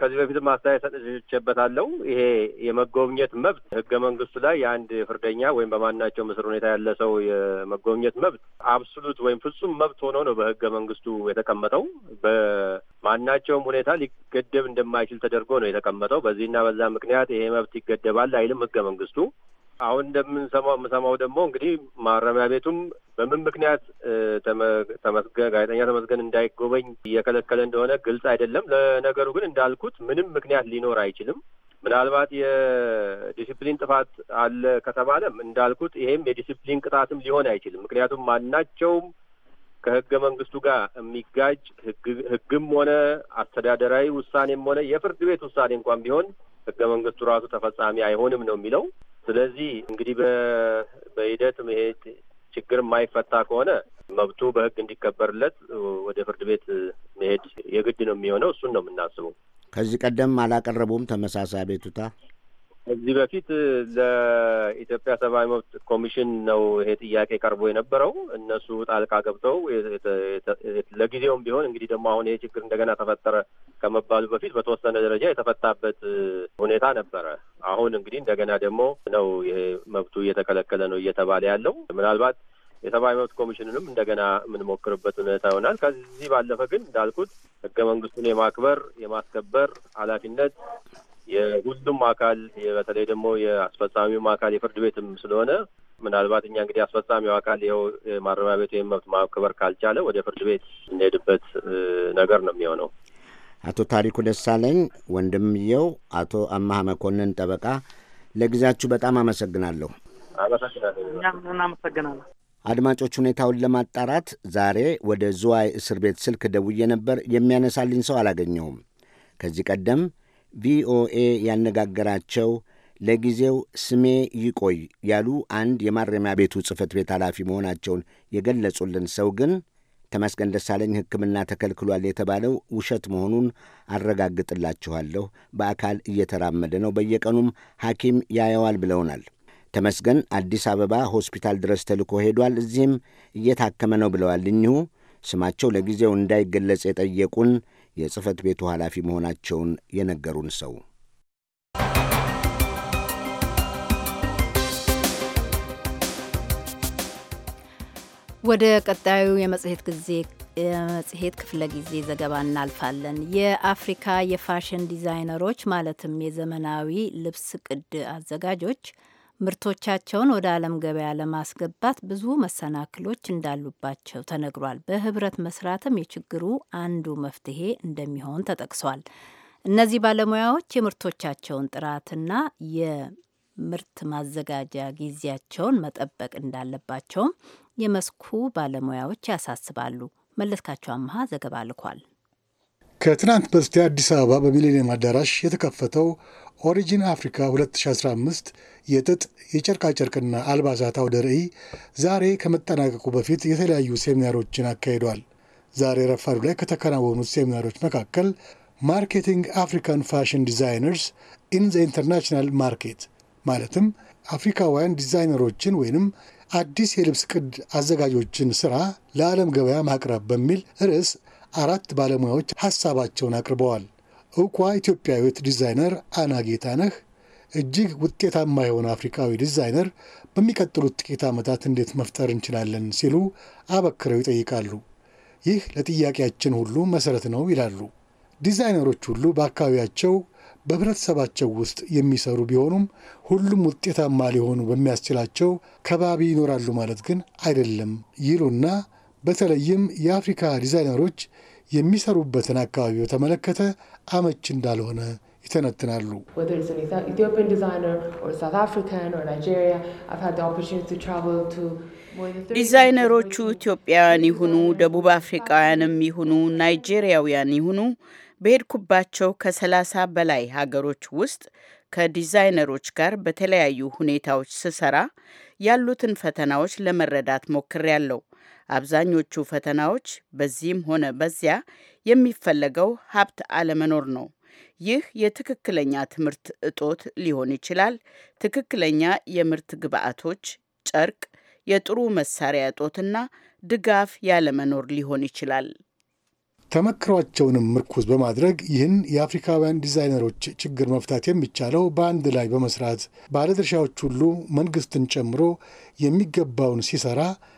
ከዚህ በፊት አስተያየት ሰጥቼበታለሁ። ይሄ የመጎብኘት መብት ህገ መንግስቱ ላይ የአንድ ፍርደኛ ወይም በማናቸው ምስር ሁኔታ ያለ ሰው የመጎብኘት መብት አብሶሉት ወይም ፍጹም መብት ሆኖ ነው በህገ መንግስቱ የተቀመጠው። በማናቸውም ሁኔታ ሊገደብ እንደማይችል ተደርጎ ነው የተቀመጠው። በዚህና በዛ ምክንያት ይሄ መብት ይገደባል አይልም ህገ መንግስቱ። አሁን እንደምንሰማው የምሰማው ደግሞ እንግዲህ ማረሚያ ቤቱም በምን ምክንያት ተመስገን ጋዜጠኛ ተመስገን እንዳይጎበኝ እየከለከለ እንደሆነ ግልጽ አይደለም። ለነገሩ ግን እንዳልኩት ምንም ምክንያት ሊኖር አይችልም። ምናልባት የዲሲፕሊን ጥፋት አለ ከተባለም እንዳልኩት ይሄም የዲሲፕሊን ቅጣትም ሊሆን አይችልም። ምክንያቱም ማናቸውም ከህገ መንግስቱ ጋር የሚጋጭ ህግም ሆነ አስተዳደራዊ ውሳኔም ሆነ የፍርድ ቤት ውሳኔ እንኳን ቢሆን ህገ መንግስቱ ራሱ ተፈጻሚ አይሆንም ነው የሚለው። ስለዚህ እንግዲህ በሂደት መሄድ ችግር የማይፈታ ከሆነ መብቱ በህግ እንዲከበርለት ወደ ፍርድ ቤት መሄድ የግድ ነው የሚሆነው። እሱን ነው የምናስበው። ከዚህ ቀደም አላቀረቡም ተመሳሳይ አቤቱታ ከዚህ በፊት ለኢትዮጵያ ሰብአዊ መብት ኮሚሽን ነው ይሄ ጥያቄ ቀርቦ የነበረው። እነሱ ጣልቃ ገብተው ለጊዜውም ቢሆን እንግዲህ ደግሞ አሁን ይሄ ችግር እንደገና ተፈጠረ ከመባሉ በፊት በተወሰነ ደረጃ የተፈታበት ሁኔታ ነበረ። አሁን እንግዲህ እንደገና ደግሞ ነው ይሄ መብቱ እየተከለከለ ነው እየተባለ ያለው ምናልባት የሰብአዊ መብት ኮሚሽንንም እንደገና የምንሞክርበት ሁኔታ ይሆናል። ከዚህ ባለፈ ግን እንዳልኩት ህገ መንግስቱን የማክበር የማስከበር ኃላፊነት የሁሉም አካል በተለይ ደግሞ የአስፈጻሚውም አካል የፍርድ ቤትም ስለሆነ ምናልባት እኛ እንግዲህ አስፈጻሚው አካል ይኸው ማረሚያ ቤት ወይም መብት ማክበር ካልቻለ ወደ ፍርድ ቤት እንሄድበት ነገር ነው የሚሆነው። አቶ ታሪኩ ደሳለኝ ወንድምየው አቶ አማሀ መኮንን ጠበቃ፣ ለጊዜያችሁ በጣም አመሰግናለሁ። አመሰግናለሁ። አድማጮች ሁኔታውን ለማጣራት ዛሬ ወደ ዝዋይ እስር ቤት ስልክ ደውዬ ነበር። የሚያነሳልኝ ሰው አላገኘውም። ከዚህ ቀደም ቪኦኤ ያነጋገራቸው ለጊዜው ስሜ ይቆይ ያሉ አንድ የማረሚያ ቤቱ ጽህፈት ቤት ኃላፊ መሆናቸውን የገለጹልን ሰው ግን ተመስገን ደሳለኝ ሕክምና ተከልክሏል የተባለው ውሸት መሆኑን አረጋግጥላችኋለሁ። በአካል እየተራመደ ነው፣ በየቀኑም ሐኪም ያየዋል ብለውናል። ተመስገን አዲስ አበባ ሆስፒታል ድረስ ተልኮ ሄዷል፣ እዚህም እየታከመ ነው ብለዋል እኚሁ ስማቸው ለጊዜው እንዳይገለጽ የጠየቁን የጽህፈት ቤቱ ኃላፊ መሆናቸውን የነገሩን ሰው ወደ ቀጣዩ የመጽሔት ጊዜ የመጽሔት ክፍለ ጊዜ ዘገባ እናልፋለን። የአፍሪካ የፋሽን ዲዛይነሮች ማለትም የዘመናዊ ልብስ ቅድ አዘጋጆች ምርቶቻቸውን ወደ ዓለም ገበያ ለማስገባት ብዙ መሰናክሎች እንዳሉባቸው ተነግሯል። በህብረት መስራትም የችግሩ አንዱ መፍትሄ እንደሚሆን ተጠቅሷል። እነዚህ ባለሙያዎች የምርቶቻቸውን ጥራትና የምርት ማዘጋጃ ጊዜያቸውን መጠበቅ እንዳለባቸውም የመስኩ ባለሙያዎች ያሳስባሉ። መለስካቸው አመሀ ዘገባ ልኳል። ከትናንት በስቲያ አዲስ አበባ በሚሊኒየም አዳራሽ የተከፈተው ኦሪጂን አፍሪካ 2015 የጥጥ የጨርቃጨርቅና አልባሳት አውደ ርዕይ ዛሬ ከመጠናቀቁ በፊት የተለያዩ ሴሚናሮችን አካሂዷል። ዛሬ ረፋዱ ላይ ከተከናወኑት ሴሚናሮች መካከል ማርኬቲንግ አፍሪካን ፋሽን ዲዛይነርስ ኢን ዘ ኢንተርናሽናል ማርኬት ማለትም አፍሪካውያን ዲዛይነሮችን ወይንም አዲስ የልብስ ቅድ አዘጋጆችን ስራ ለዓለም ገበያ ማቅረብ በሚል ርዕስ አራት ባለሙያዎች ሀሳባቸውን አቅርበዋል። እውቋ ኢትዮጵያዊት ዲዛይነር አና ጌታነህ እጅግ ውጤታማ የሆነ አፍሪካዊ ዲዛይነር በሚቀጥሉት ጥቂት ዓመታት እንዴት መፍጠር እንችላለን ሲሉ አበክረው ይጠይቃሉ። ይህ ለጥያቄያችን ሁሉ መሠረት ነው ይላሉ። ዲዛይነሮች ሁሉ በአካባቢያቸው በህብረተሰባቸው ውስጥ የሚሰሩ ቢሆኑም ሁሉም ውጤታማ ሊሆኑ በሚያስችላቸው ከባቢ ይኖራሉ ማለት ግን አይደለም ይሉና በተለይም የአፍሪካ ዲዛይነሮች የሚሰሩበትን አካባቢ በተመለከተ አመች እንዳልሆነ ይተነትናሉ። ዲዛይነሮቹ ኢትዮጵያውያን ይሁኑ ደቡብ አፍሪካውያንም ይሁኑ ናይጄሪያውያን ይሁኑ በሄድኩባቸው ከሰላሳ በላይ ሀገሮች ውስጥ ከዲዛይነሮች ጋር በተለያዩ ሁኔታዎች ስሰራ ያሉትን ፈተናዎች ለመረዳት ሞክሬያለሁ። አብዛኞቹ ፈተናዎች በዚህም ሆነ በዚያ የሚፈለገው ሀብት አለመኖር ነው። ይህ የትክክለኛ ትምህርት እጦት ሊሆን ይችላል። ትክክለኛ የምርት ግብዓቶች፣ ጨርቅ፣ የጥሩ መሳሪያ እጦትና ድጋፍ ያለመኖር ሊሆን ይችላል። ተመክሯቸውንም ምርኩዝ በማድረግ ይህን የአፍሪካውያን ዲዛይነሮች ችግር መፍታት የሚቻለው በአንድ ላይ በመስራት ባለድርሻዎች ሁሉ መንግስትን ጨምሮ የሚገባውን ሲሰራ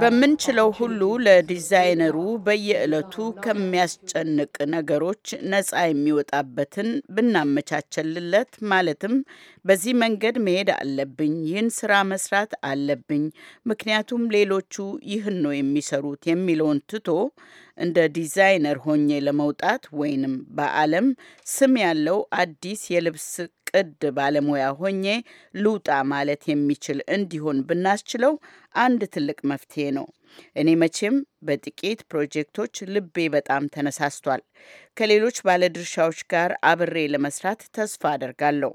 በምንችለው ሁሉ ለዲዛይነሩ በየዕለቱ ከሚያስጨንቅ ነገሮች ነፃ የሚወጣበትን ብናመቻቸልለት፣ ማለትም በዚህ መንገድ መሄድ አለብኝ፣ ይህን ስራ መስራት አለብኝ፣ ምክንያቱም ሌሎቹ ይህን ነው የሚሰሩት የሚለውን ትቶ እንደ ዲዛይነር ሆኜ ለመውጣት ወይንም በዓለም ስም ያለው አዲስ የልብስ ቅድ ባለሙያ ሆኜ ልውጣ ማለት የሚችል እንዲሆን ብናስችለው አንድ ትልቅ መፍትሄ ነው። እኔ መቼም በጥቂት ፕሮጀክቶች ልቤ በጣም ተነሳስቷል። ከሌሎች ባለድርሻዎች ጋር አብሬ ለመስራት ተስፋ አደርጋለሁ።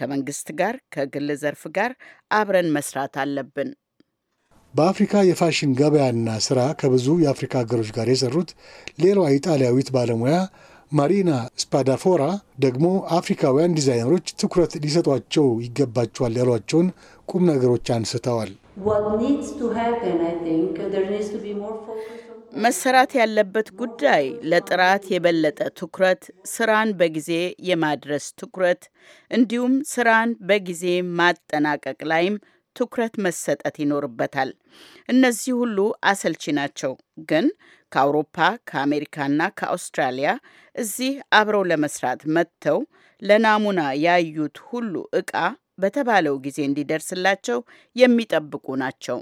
ከመንግስት ጋር፣ ከግል ዘርፍ ጋር አብረን መስራት አለብን። በአፍሪካ የፋሽን ገበያና ስራ ከብዙ የአፍሪካ ሀገሮች ጋር የሰሩት ሌላዋ ኢጣሊያዊት ባለሙያ ማሪና ስፓዳፎራ ደግሞ አፍሪካውያን ዲዛይነሮች ትኩረት ሊሰጧቸው ይገባቸዋል ያሏቸውን ቁም ነገሮች አንስተዋል። መሰራት ያለበት ጉዳይ ለጥራት የበለጠ ትኩረት፣ ስራን በጊዜ የማድረስ ትኩረት እንዲሁም ስራን በጊዜ ማጠናቀቅ ላይም ትኩረት መሰጠት ይኖርበታል። እነዚህ ሁሉ አሰልቺ ናቸው፣ ግን ከአውሮፓ ከአሜሪካና ከአውስትራሊያ እዚህ አብረው ለመስራት መጥተው ለናሙና ያዩት ሁሉ ዕቃ በተባለው ጊዜ እንዲደርስላቸው የሚጠብቁ ናቸው።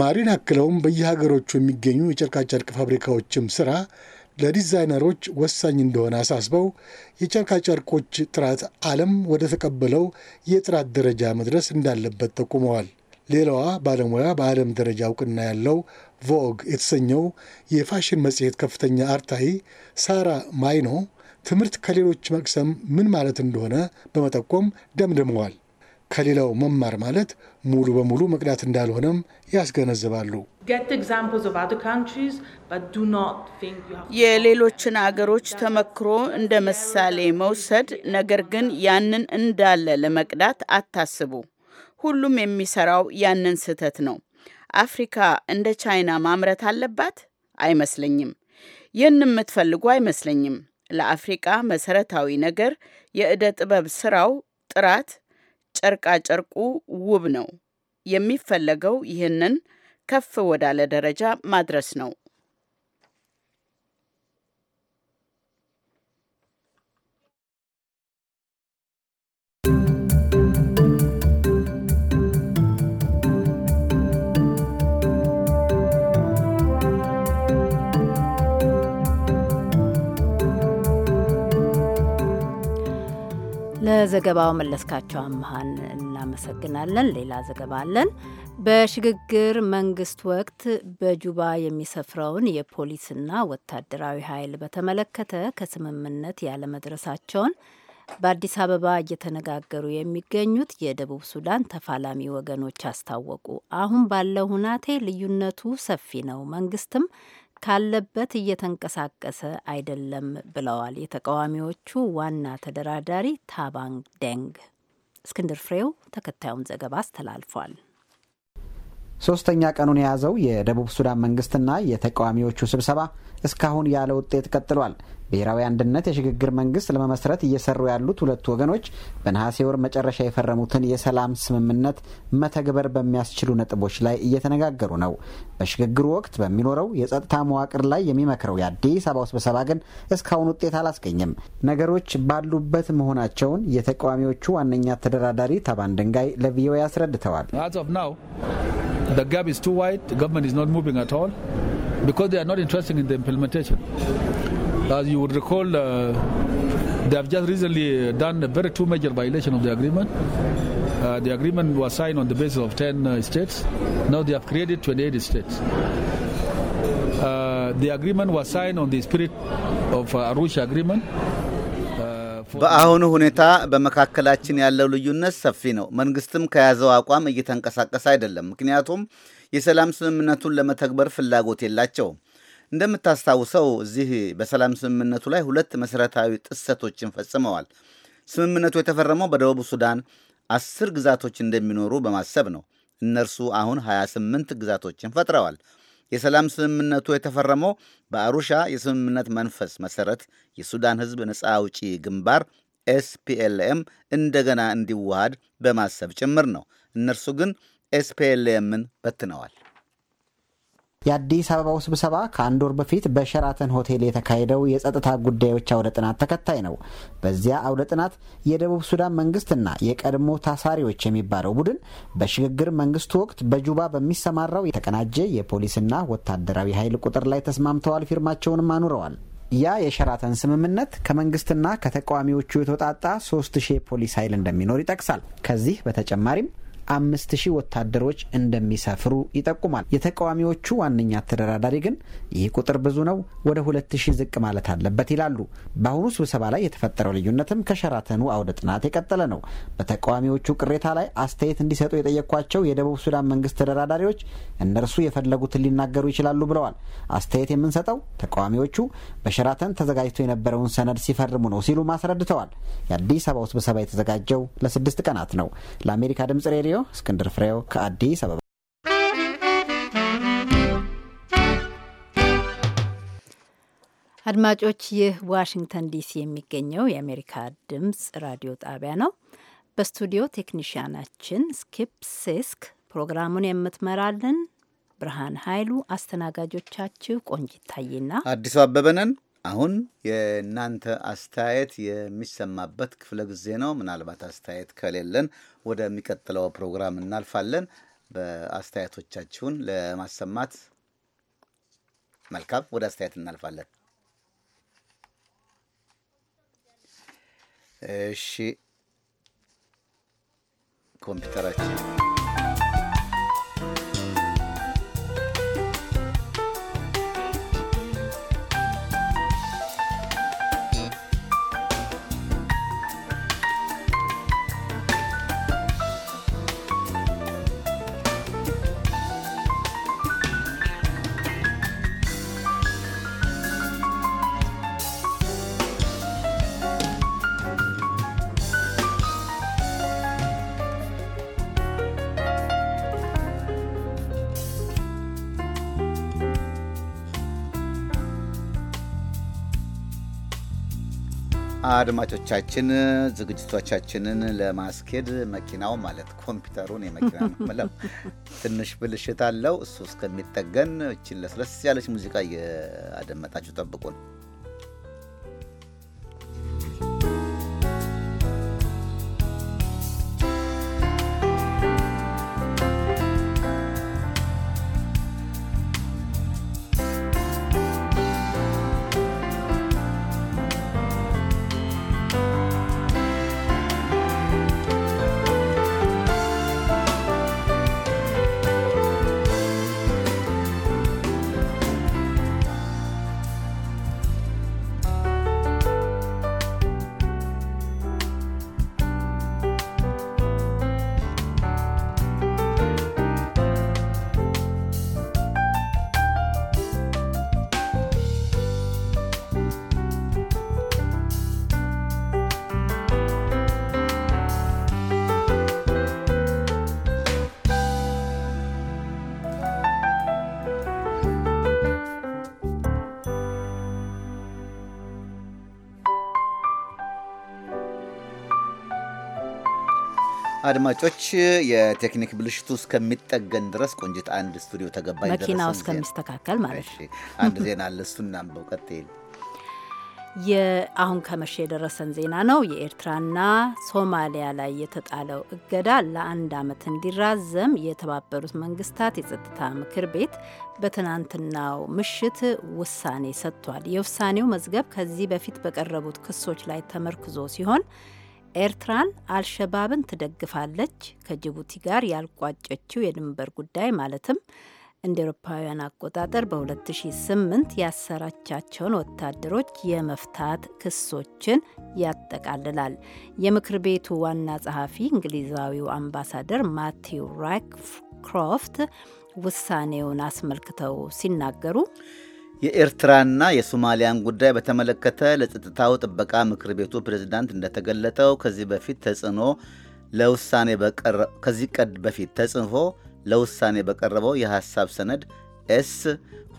ማሪን አክለውም በየሀገሮቹ የሚገኙ የጨርቃጨርቅ ፋብሪካዎችም ስራ ለዲዛይነሮች ወሳኝ እንደሆነ አሳስበው የጨርቃጨርቆች ጥራት ዓለም ወደ ተቀበለው የጥራት ደረጃ መድረስ እንዳለበት ጠቁመዋል። ሌላዋ ባለሙያ በዓለም ደረጃ እውቅና ያለው ቮግ የተሰኘው የፋሽን መጽሔት ከፍተኛ አርታይ ሳራ ማይኖ ትምህርት ከሌሎች መቅሰም ምን ማለት እንደሆነ በመጠቆም ደምድመዋል። ከሌላው መማር ማለት ሙሉ በሙሉ መቅዳት እንዳልሆነም ያስገነዝባሉ። የሌሎችን አገሮች ተመክሮ እንደ ምሳሌ መውሰድ፣ ነገር ግን ያንን እንዳለ ለመቅዳት አታስቡ። ሁሉም የሚሰራው ያንን ስህተት ነው። አፍሪካ እንደ ቻይና ማምረት አለባት አይመስለኝም። ይህን የምትፈልጉ አይመስለኝም። ለአፍሪቃ መሰረታዊ ነገር የእደ ጥበብ ስራው ጥራት፣ ጨርቃ ጨርቁ ውብ ነው። የሚፈለገው ይህንን ከፍ ወዳለ ደረጃ ማድረስ ነው። ለዘገባው መለስካቸው አመሃን እናመሰግናለን። ሌላ ዘገባ አለን። በሽግግር መንግስት ወቅት በጁባ የሚሰፍረውን የፖሊስና ወታደራዊ ኃይል በተመለከተ ከስምምነት ያለመድረሳቸውን በአዲስ አበባ እየተነጋገሩ የሚገኙት የደቡብ ሱዳን ተፋላሚ ወገኖች አስታወቁ። አሁን ባለው ሁናቴ ልዩነቱ ሰፊ ነው፣ መንግስትም ካለበት እየተንቀሳቀሰ አይደለም ብለዋል የተቃዋሚዎቹ ዋና ተደራዳሪ ታባንግ ደንግ። እስክንድር ፍሬው ተከታዩን ዘገባ አስተላልፏል። ሶስተኛ ቀኑን የያዘው የደቡብ ሱዳን መንግስትና የተቃዋሚዎቹ ስብሰባ እስካሁን ያለ ውጤት ቀጥሏል። ብሔራዊ አንድነት የሽግግር መንግስት ለመመስረት እየሰሩ ያሉት ሁለቱ ወገኖች በነሐሴ ወር መጨረሻ የፈረሙትን የሰላም ስምምነት መተግበር በሚያስችሉ ነጥቦች ላይ እየተነጋገሩ ነው። በሽግግሩ ወቅት በሚኖረው የጸጥታ መዋቅር ላይ የሚመክረው የአዲስ አበባው ስብሰባ ግን እስካሁን ውጤት አላስገኘም። ነገሮች ባሉበት መሆናቸውን የተቃዋሚዎቹ ዋነኛ ተደራዳሪ ታባን ድንጋይ ለቪኦኤ አስረድተዋል። because they are not interested in the implementation. As you would recall, uh, they have just recently done a very two major violation of the agreement. Uh, the agreement was signed on the basis of 10 uh, states. Now they have created 28 states. Uh, the agreement was signed on the spirit of uh, Arusha agreement. በአሁኑ ሁኔታ በመካከላችን ያለው ልዩነት ሰፊ ነው። መንግስትም ከያዘው አቋም እየተንቀሳቀሰ አይደለም። ምክንያቱም የሰላም ስምምነቱን ለመተግበር ፍላጎት የላቸውም። እንደምታስታውሰው እዚህ በሰላም ስምምነቱ ላይ ሁለት መሠረታዊ ጥሰቶችን ፈጽመዋል። ስምምነቱ የተፈረመው በደቡብ ሱዳን አስር ግዛቶች እንደሚኖሩ በማሰብ ነው። እነርሱ አሁን 28 ግዛቶችን ፈጥረዋል። የሰላም ስምምነቱ የተፈረመው በአሩሻ የስምምነት መንፈስ መሠረት የሱዳን ሕዝብ ነፃ አውጪ ግንባር ኤስፒኤልኤም እንደገና እንዲዋሃድ በማሰብ ጭምር ነው። እነርሱ ግን ኤስፒኤልኤምን በትነዋል። የአዲስ አበባው ስብሰባ ከአንድ ወር በፊት በሸራተን ሆቴል የተካሄደው የጸጥታ ጉዳዮች አውደ ጥናት ተከታይ ነው። በዚያ አውደ ጥናት የደቡብ ሱዳን መንግስትና የቀድሞ ታሳሪዎች የሚባለው ቡድን በሽግግር መንግስቱ ወቅት በጁባ በሚሰማራው የተቀናጀ የፖሊስና ወታደራዊ ኃይል ቁጥር ላይ ተስማምተዋል፣ ፊርማቸውንም አኑረዋል። ያ የሸራተን ስምምነት ከመንግስትና ከተቃዋሚዎቹ የተወጣጣ ሶስት ሺህ ፖሊስ ኃይል እንደሚኖር ይጠቅሳል። ከዚህ በተጨማሪም አምስት ሺህ ወታደሮች እንደሚሰፍሩ ይጠቁማል። የተቃዋሚዎቹ ዋነኛ ተደራዳሪ ግን ይህ ቁጥር ብዙ ነው፣ ወደ ሁለት ሺህ ዝቅ ማለት አለበት ይላሉ። በአሁኑ ስብሰባ ላይ የተፈጠረው ልዩነትም ከሸራተኑ አውደ ጥናት የቀጠለ ነው። በተቃዋሚዎቹ ቅሬታ ላይ አስተያየት እንዲሰጡ የጠየኳቸው የደቡብ ሱዳን መንግስት ተደራዳሪዎች እነርሱ የፈለጉትን ሊናገሩ ይችላሉ ብለዋል። አስተያየት የምንሰጠው ተቃዋሚዎቹ በሸራተን ተዘጋጅቶ የነበረውን ሰነድ ሲፈርሙ ነው ሲሉ አስረድተዋል። የአዲስ አበባው ስብሰባ የተዘጋጀው ለስድስት ቀናት ነው። ለአሜሪካ ድምጽ ሬዲዮ ስቱዲዮ እስክንድር ፍሬው ከአዲስ አበባ። አድማጮች ይህ ዋሽንግተን ዲሲ የሚገኘው የአሜሪካ ድምፅ ራዲዮ ጣቢያ ነው። በስቱዲዮ ቴክኒሽያናችን ስኪፕ ሴስክ፣ ፕሮግራሙን የምትመራልን ብርሃን ኃይሉ፣ አስተናጋጆቻችሁ ቆንጅ ይታይና አዲሱ አበበነን አሁን የእናንተ አስተያየት የሚሰማበት ክፍለ ጊዜ ነው። ምናልባት አስተያየት ከሌለን ወደሚቀጥለው ፕሮግራም እናልፋለን። በአስተያየቶቻችሁን ለማሰማት መልካም፣ ወደ አስተያየት እናልፋለን። እሺ ኮምፒውተራችን አድማጮቻችን ዝግጅቶቻችንን ለማስኬድ መኪናው ማለት ኮምፒውተሩን የመኪና ነው ትንሽ ብልሽት አለው። እሱ እስከሚጠገን እችን ለስለስ ያለች ሙዚቃ እያደመጣችሁ ጠብቁን። አድማጮች የቴክኒክ ብልሽቱ እስከሚጠገን ድረስ ቆንጅት አንድ ስቱዲዮ ተገባ መኪናው እስከሚስተካከል ማለት አንድ ዜና አለ፣ እሱ እናንበው። ቀጥል። አሁን ከመሸ የደረሰን ዜና ነው። የኤርትራና ሶማሊያ ላይ የተጣለው እገዳ ለአንድ ዓመት እንዲራዘም የተባበሩት መንግስታት የጸጥታ ምክር ቤት በትናንትናው ምሽት ውሳኔ ሰጥቷል። የውሳኔው መዝገብ ከዚህ በፊት በቀረቡት ክሶች ላይ ተመርክዞ ሲሆን ኤርትራን አልሸባብን ትደግፋለች። ከጅቡቲ ጋር ያልቋጨችው የድንበር ጉዳይ ማለትም እንደ ኤሮፓውያን አቆጣጠር በ2008 ያሰራቻቸውን ወታደሮች የመፍታት ክሶችን ያጠቃልላል። የምክር ቤቱ ዋና ጸሐፊ እንግሊዛዊው አምባሳደር ማቲው ራክክሮፍት ውሳኔውን አስመልክተው ሲናገሩ የኤርትራና የሶማሊያን ጉዳይ በተመለከተ ለጸጥታው ጥበቃ ምክር ቤቱ ፕሬዝዳንት እንደተገለጠው ከዚህ በፊት ተጽዕኖ ለውሳኔ ከዚህ ቀድ በፊት ተጽፎ ለውሳኔ በቀረበው የሐሳብ ሰነድ ኤስ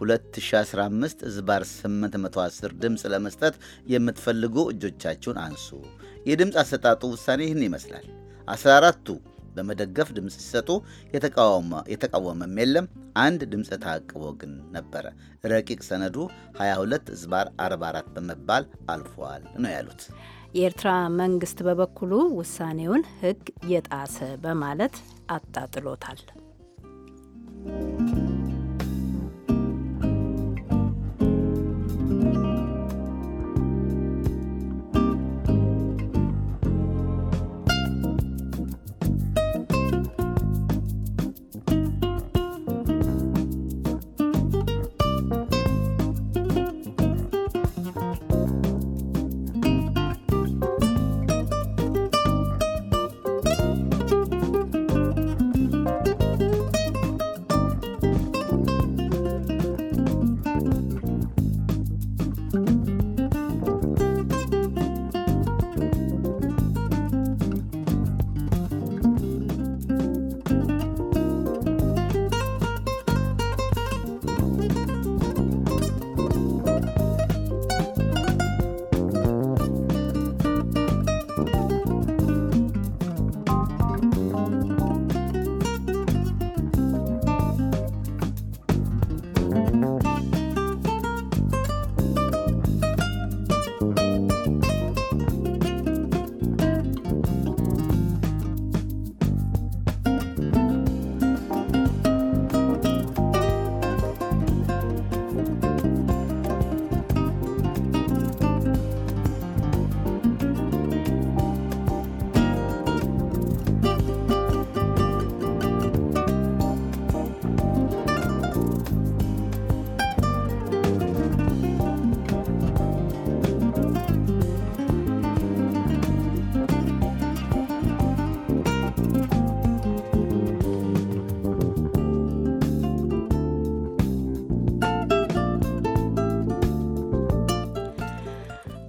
2015 ዝባር 810 ድምፅ ለመስጠት የምትፈልጉ እጆቻችሁን አንሱ። የድምፅ አሰጣጡ ውሳኔ ይህን ይመስላል። 14ቱ በመደገፍ ድምፅ ሲሰጡ የተቃወመም የለም። አንድ ድምፅ ታቅቦ ግን ነበረ። ረቂቅ ሰነዱ 22 ዝባር 44 በመባል አልፏል ነው ያሉት። የኤርትራ መንግስት በበኩሉ ውሳኔውን ሕግ የጣሰ በማለት አጣጥሎታል።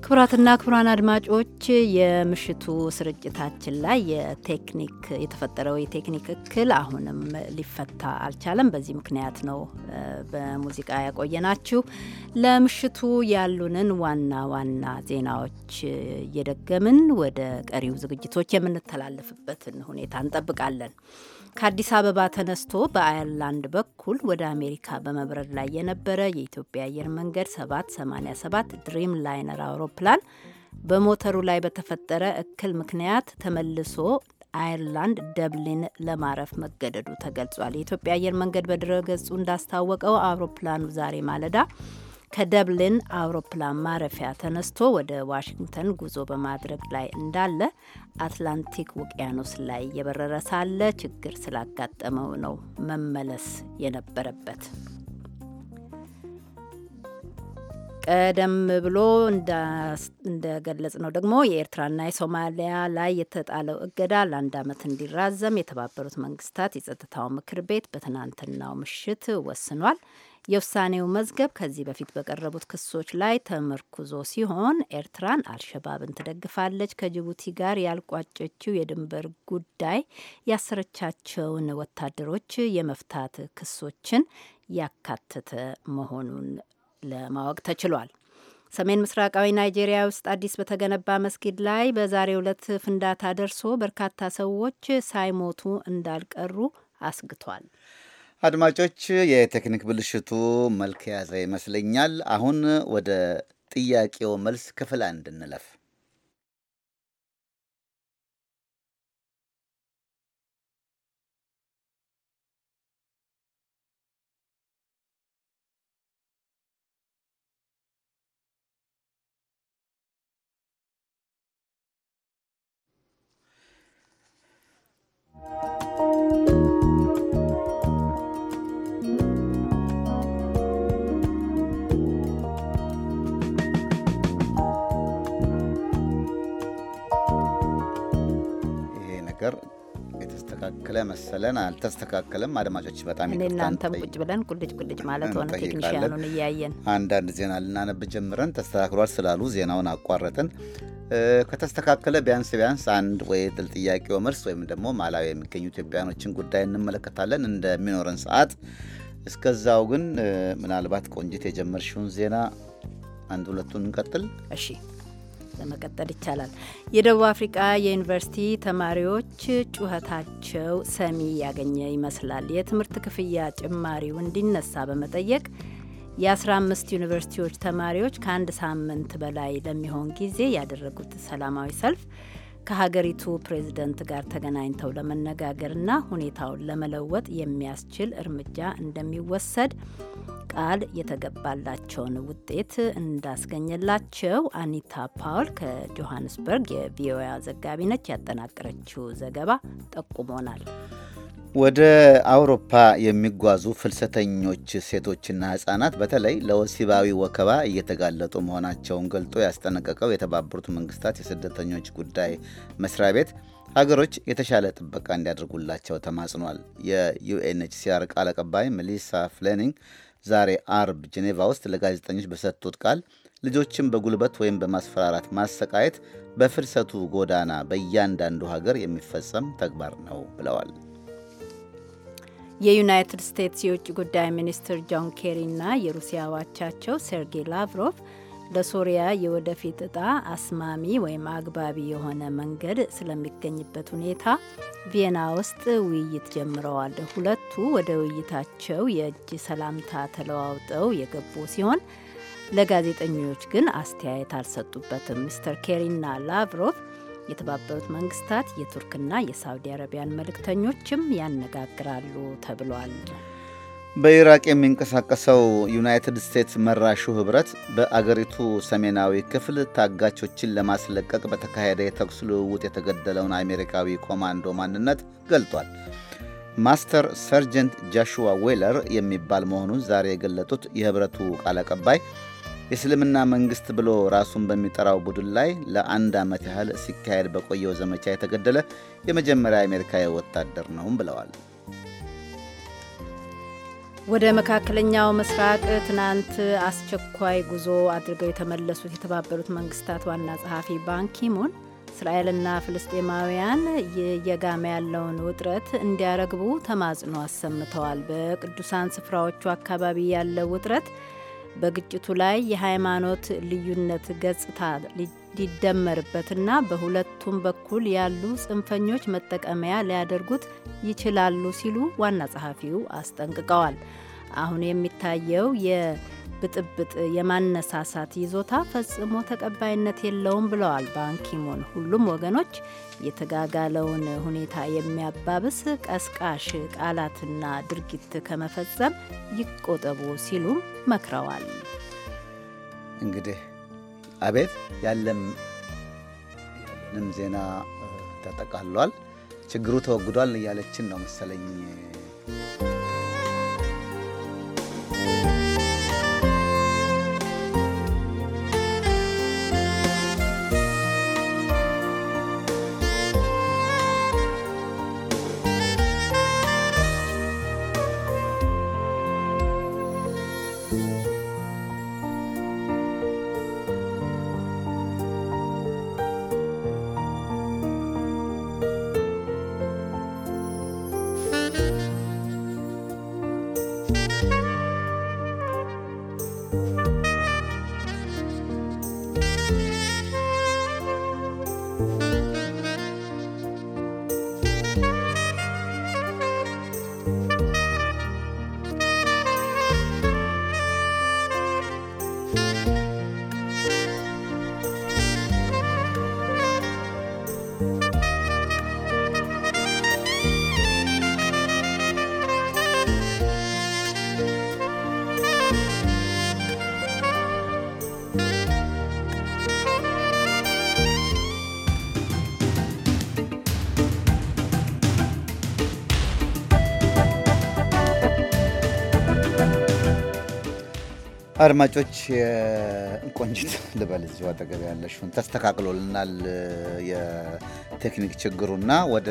ክቡራትና ክቡራን አድማጮች የምሽቱ ስርጭታችን ላይ የቴክኒክ የተፈጠረው የቴክኒክ እክል አሁንም ሊፈታ አልቻለም። በዚህ ምክንያት ነው በሙዚቃ ያቆየናችሁ። ለምሽቱ ያሉንን ዋና ዋና ዜናዎች እየደገምን ወደ ቀሪው ዝግጅቶች የምንተላለፍበትን ሁኔታ እንጠብቃለን። ከአዲስ አበባ ተነስቶ በአየርላንድ በኩል ወደ አሜሪካ በመብረር ላይ የነበረ የኢትዮጵያ አየር መንገድ 787 ድሪም ላይነር አውሮፕላን በሞተሩ ላይ በተፈጠረ እክል ምክንያት ተመልሶ አየርላንድ ደብሊን ለማረፍ መገደዱ ተገልጿል። የኢትዮጵያ አየር መንገድ በድረ ገጹ እንዳስታወቀው አውሮፕላኑ ዛሬ ማለዳ ከደብሊን አውሮፕላን ማረፊያ ተነስቶ ወደ ዋሽንግተን ጉዞ በማድረግ ላይ እንዳለ አትላንቲክ ውቅያኖስ ላይ የበረረ ሳለ ችግር ስላጋጠመው ነው መመለስ የነበረበት። ቀደም ብሎ እንደገለጽ ነው ደግሞ የኤርትራና የሶማሊያ ላይ የተጣለው እገዳ ለአንድ ዓመት እንዲራዘም የተባበሩት መንግስታት የጸጥታው ምክር ቤት በትናንትናው ምሽት ወስኗል። የውሳኔው መዝገብ ከዚህ በፊት በቀረቡት ክሶች ላይ ተመርኩዞ ሲሆን ኤርትራን አልሸባብን ትደግፋለች፣ ከጅቡቲ ጋር ያልቋጨችው የድንበር ጉዳይ ያሰረቻቸውን ወታደሮች የመፍታት ክሶችን ያካተተ መሆኑን ለማወቅ ተችሏል። ሰሜን ምስራቃዊ ናይጄሪያ ውስጥ አዲስ በተገነባ መስጊድ ላይ በዛሬው ዕለት ፍንዳታ ደርሶ በርካታ ሰዎች ሳይሞቱ እንዳልቀሩ አስግቷል። አድማጮች፣ የቴክኒክ ብልሽቱ መልክ የያዘ ይመስለኛል። አሁን ወደ ጥያቄው መልስ ክፍል አንድ እንለፍ። ተስተካከለ መሰለን አልተስተካከለም። አድማጮች በጣም ይቅርታ። እናንተም ቁጭ ብለን ቁልጭ ቁልጭ ማለት ሆነ፣ ቴክኒሽያኑን እያየን አንዳንድ ዜና ልናነብ ጀምረን ተስተካክሏል ስላሉ ዜናውን አቋረጥን። ከተስተካከለ ቢያንስ ቢያንስ አንድ ወይ ድል ጥያቄው መልስ ወይም ደግሞ ማላዊ የሚገኙ ኢትዮጵያኖችን ጉዳይ እንመለከታለን እንደሚኖረን ሰዓት። እስከዛው ግን ምናልባት ቆንጅት የጀመርሽውን ዜና አንድ ሁለቱን እንቀጥል። እሺ። ለመቀጠል ይቻላል። የደቡብ አፍሪቃ የዩኒቨርሲቲ ተማሪዎች ጩኸታቸው ሰሚ ያገኘ ይመስላል። የትምህርት ክፍያ ጭማሪው እንዲነሳ በመጠየቅ የ15 ዩኒቨርሲቲዎች ተማሪዎች ከአንድ ሳምንት በላይ ለሚሆን ጊዜ ያደረጉት ሰላማዊ ሰልፍ ከሀገሪቱ ፕሬዝደንት ጋር ተገናኝተው ለመነጋገርና ሁኔታውን ለመለወጥ የሚያስችል እርምጃ እንደሚወሰድ ቃል የተገባላቸውን ውጤት እንዳስገኘላቸው አኒታ ፓውል ከጆሃንስበርግ የቪኦኤ ዘጋቢ ነች። ያጠናቀረችው ዘገባ ጠቁሞናል። ወደ አውሮፓ የሚጓዙ ፍልሰተኞች ሴቶችና ህጻናት በተለይ ለወሲባዊ ወከባ እየተጋለጡ መሆናቸውን ገልጦ ያስጠነቀቀው የተባበሩት መንግስታት የስደተኞች ጉዳይ መስሪያ ቤት ሀገሮች የተሻለ ጥበቃ እንዲያደርጉላቸው ተማጽኗል። የዩኤንኤችሲአር ቃል አቀባይ ሜሊሳ ፍሌኒንግ ዛሬ አርብ ጄኔቫ ውስጥ ለጋዜጠኞች በሰጡት ቃል ልጆችን በጉልበት ወይም በማስፈራራት ማሰቃየት በፍልሰቱ ጎዳና በእያንዳንዱ ሀገር የሚፈጸም ተግባር ነው ብለዋል። የዩናይትድ ስቴትስ የውጭ ጉዳይ ሚኒስትር ጆን ኬሪና የሩሲያ ዋቻቸው ሴርጌይ ላቭሮቭ ለሶሪያ የወደፊት እጣ አስማሚ ወይም አግባቢ የሆነ መንገድ ስለሚገኝበት ሁኔታ ቪየና ውስጥ ውይይት ጀምረዋል። ሁለቱ ወደ ውይይታቸው የእጅ ሰላምታ ተለዋውጠው የገቡ ሲሆን ለጋዜጠኞች ግን አስተያየት አልሰጡበትም። ሚስተር ኬሪና ላቭሮቭ የተባበሩት መንግስታት የቱርክና የሳውዲ አረቢያን መልእክተኞችም ያነጋግራሉ ተብሏል። በኢራቅ የሚንቀሳቀሰው ዩናይትድ ስቴትስ መራሹ ህብረት በአገሪቱ ሰሜናዊ ክፍል ታጋቾችን ለማስለቀቅ በተካሄደ የተኩስ ልውውጥ የተገደለውን አሜሪካዊ ኮማንዶ ማንነት ገልጧል። ማስተር ሰርጀንት ጃሹዋ ዌለር የሚባል መሆኑን ዛሬ የገለጡት የህብረቱ ቃል አቀባይ የእስልምና መንግሥት ብሎ ራሱን በሚጠራው ቡድን ላይ ለአንድ ዓመት ያህል ሲካሄድ በቆየው ዘመቻ የተገደለ የመጀመሪያ አሜሪካዊ ወታደር ነውም ብለዋል። ወደ መካከለኛው ምስራቅ ትናንት አስቸኳይ ጉዞ አድርገው የተመለሱት የተባበሩት መንግስታት ዋና ጸሐፊ ባንኪሙን እስራኤልና ፍልስጤማውያን እየጋመ ያለውን ውጥረት እንዲያረግቡ ተማጽኖ አሰምተዋል። በቅዱሳን ስፍራዎቹ አካባቢ ያለው ውጥረት በግጭቱ ላይ የሃይማኖት ልዩነት ገጽታ ሊደመርበትና በሁለቱም በኩል ያሉ ጽንፈኞች መጠቀሚያ ሊያደርጉት ይችላሉ ሲሉ ዋና ጸሐፊው አስጠንቅቀዋል። አሁን የሚታየው የብጥብጥ የማነሳሳት ይዞታ ፈጽሞ ተቀባይነት የለውም ብለዋል ባንኪሞን። ሁሉም ወገኖች የተጋጋለውን ሁኔታ የሚያባብስ ቀስቃሽ ቃላትና ድርጊት ከመፈጸም ይቆጠቡ ሲሉም መክረዋል። እንግዲህ አቤት ያለንም ዜና ተጠቃሏል፣ ችግሩ ተወግዷል እያለችን ነው መሰለኝ። አድማጮች ቆንጅት ልበል እዚሁ አጠገብ ያለሽውን ተስተካክሎልናል የቴክኒክ ችግሩና ወደ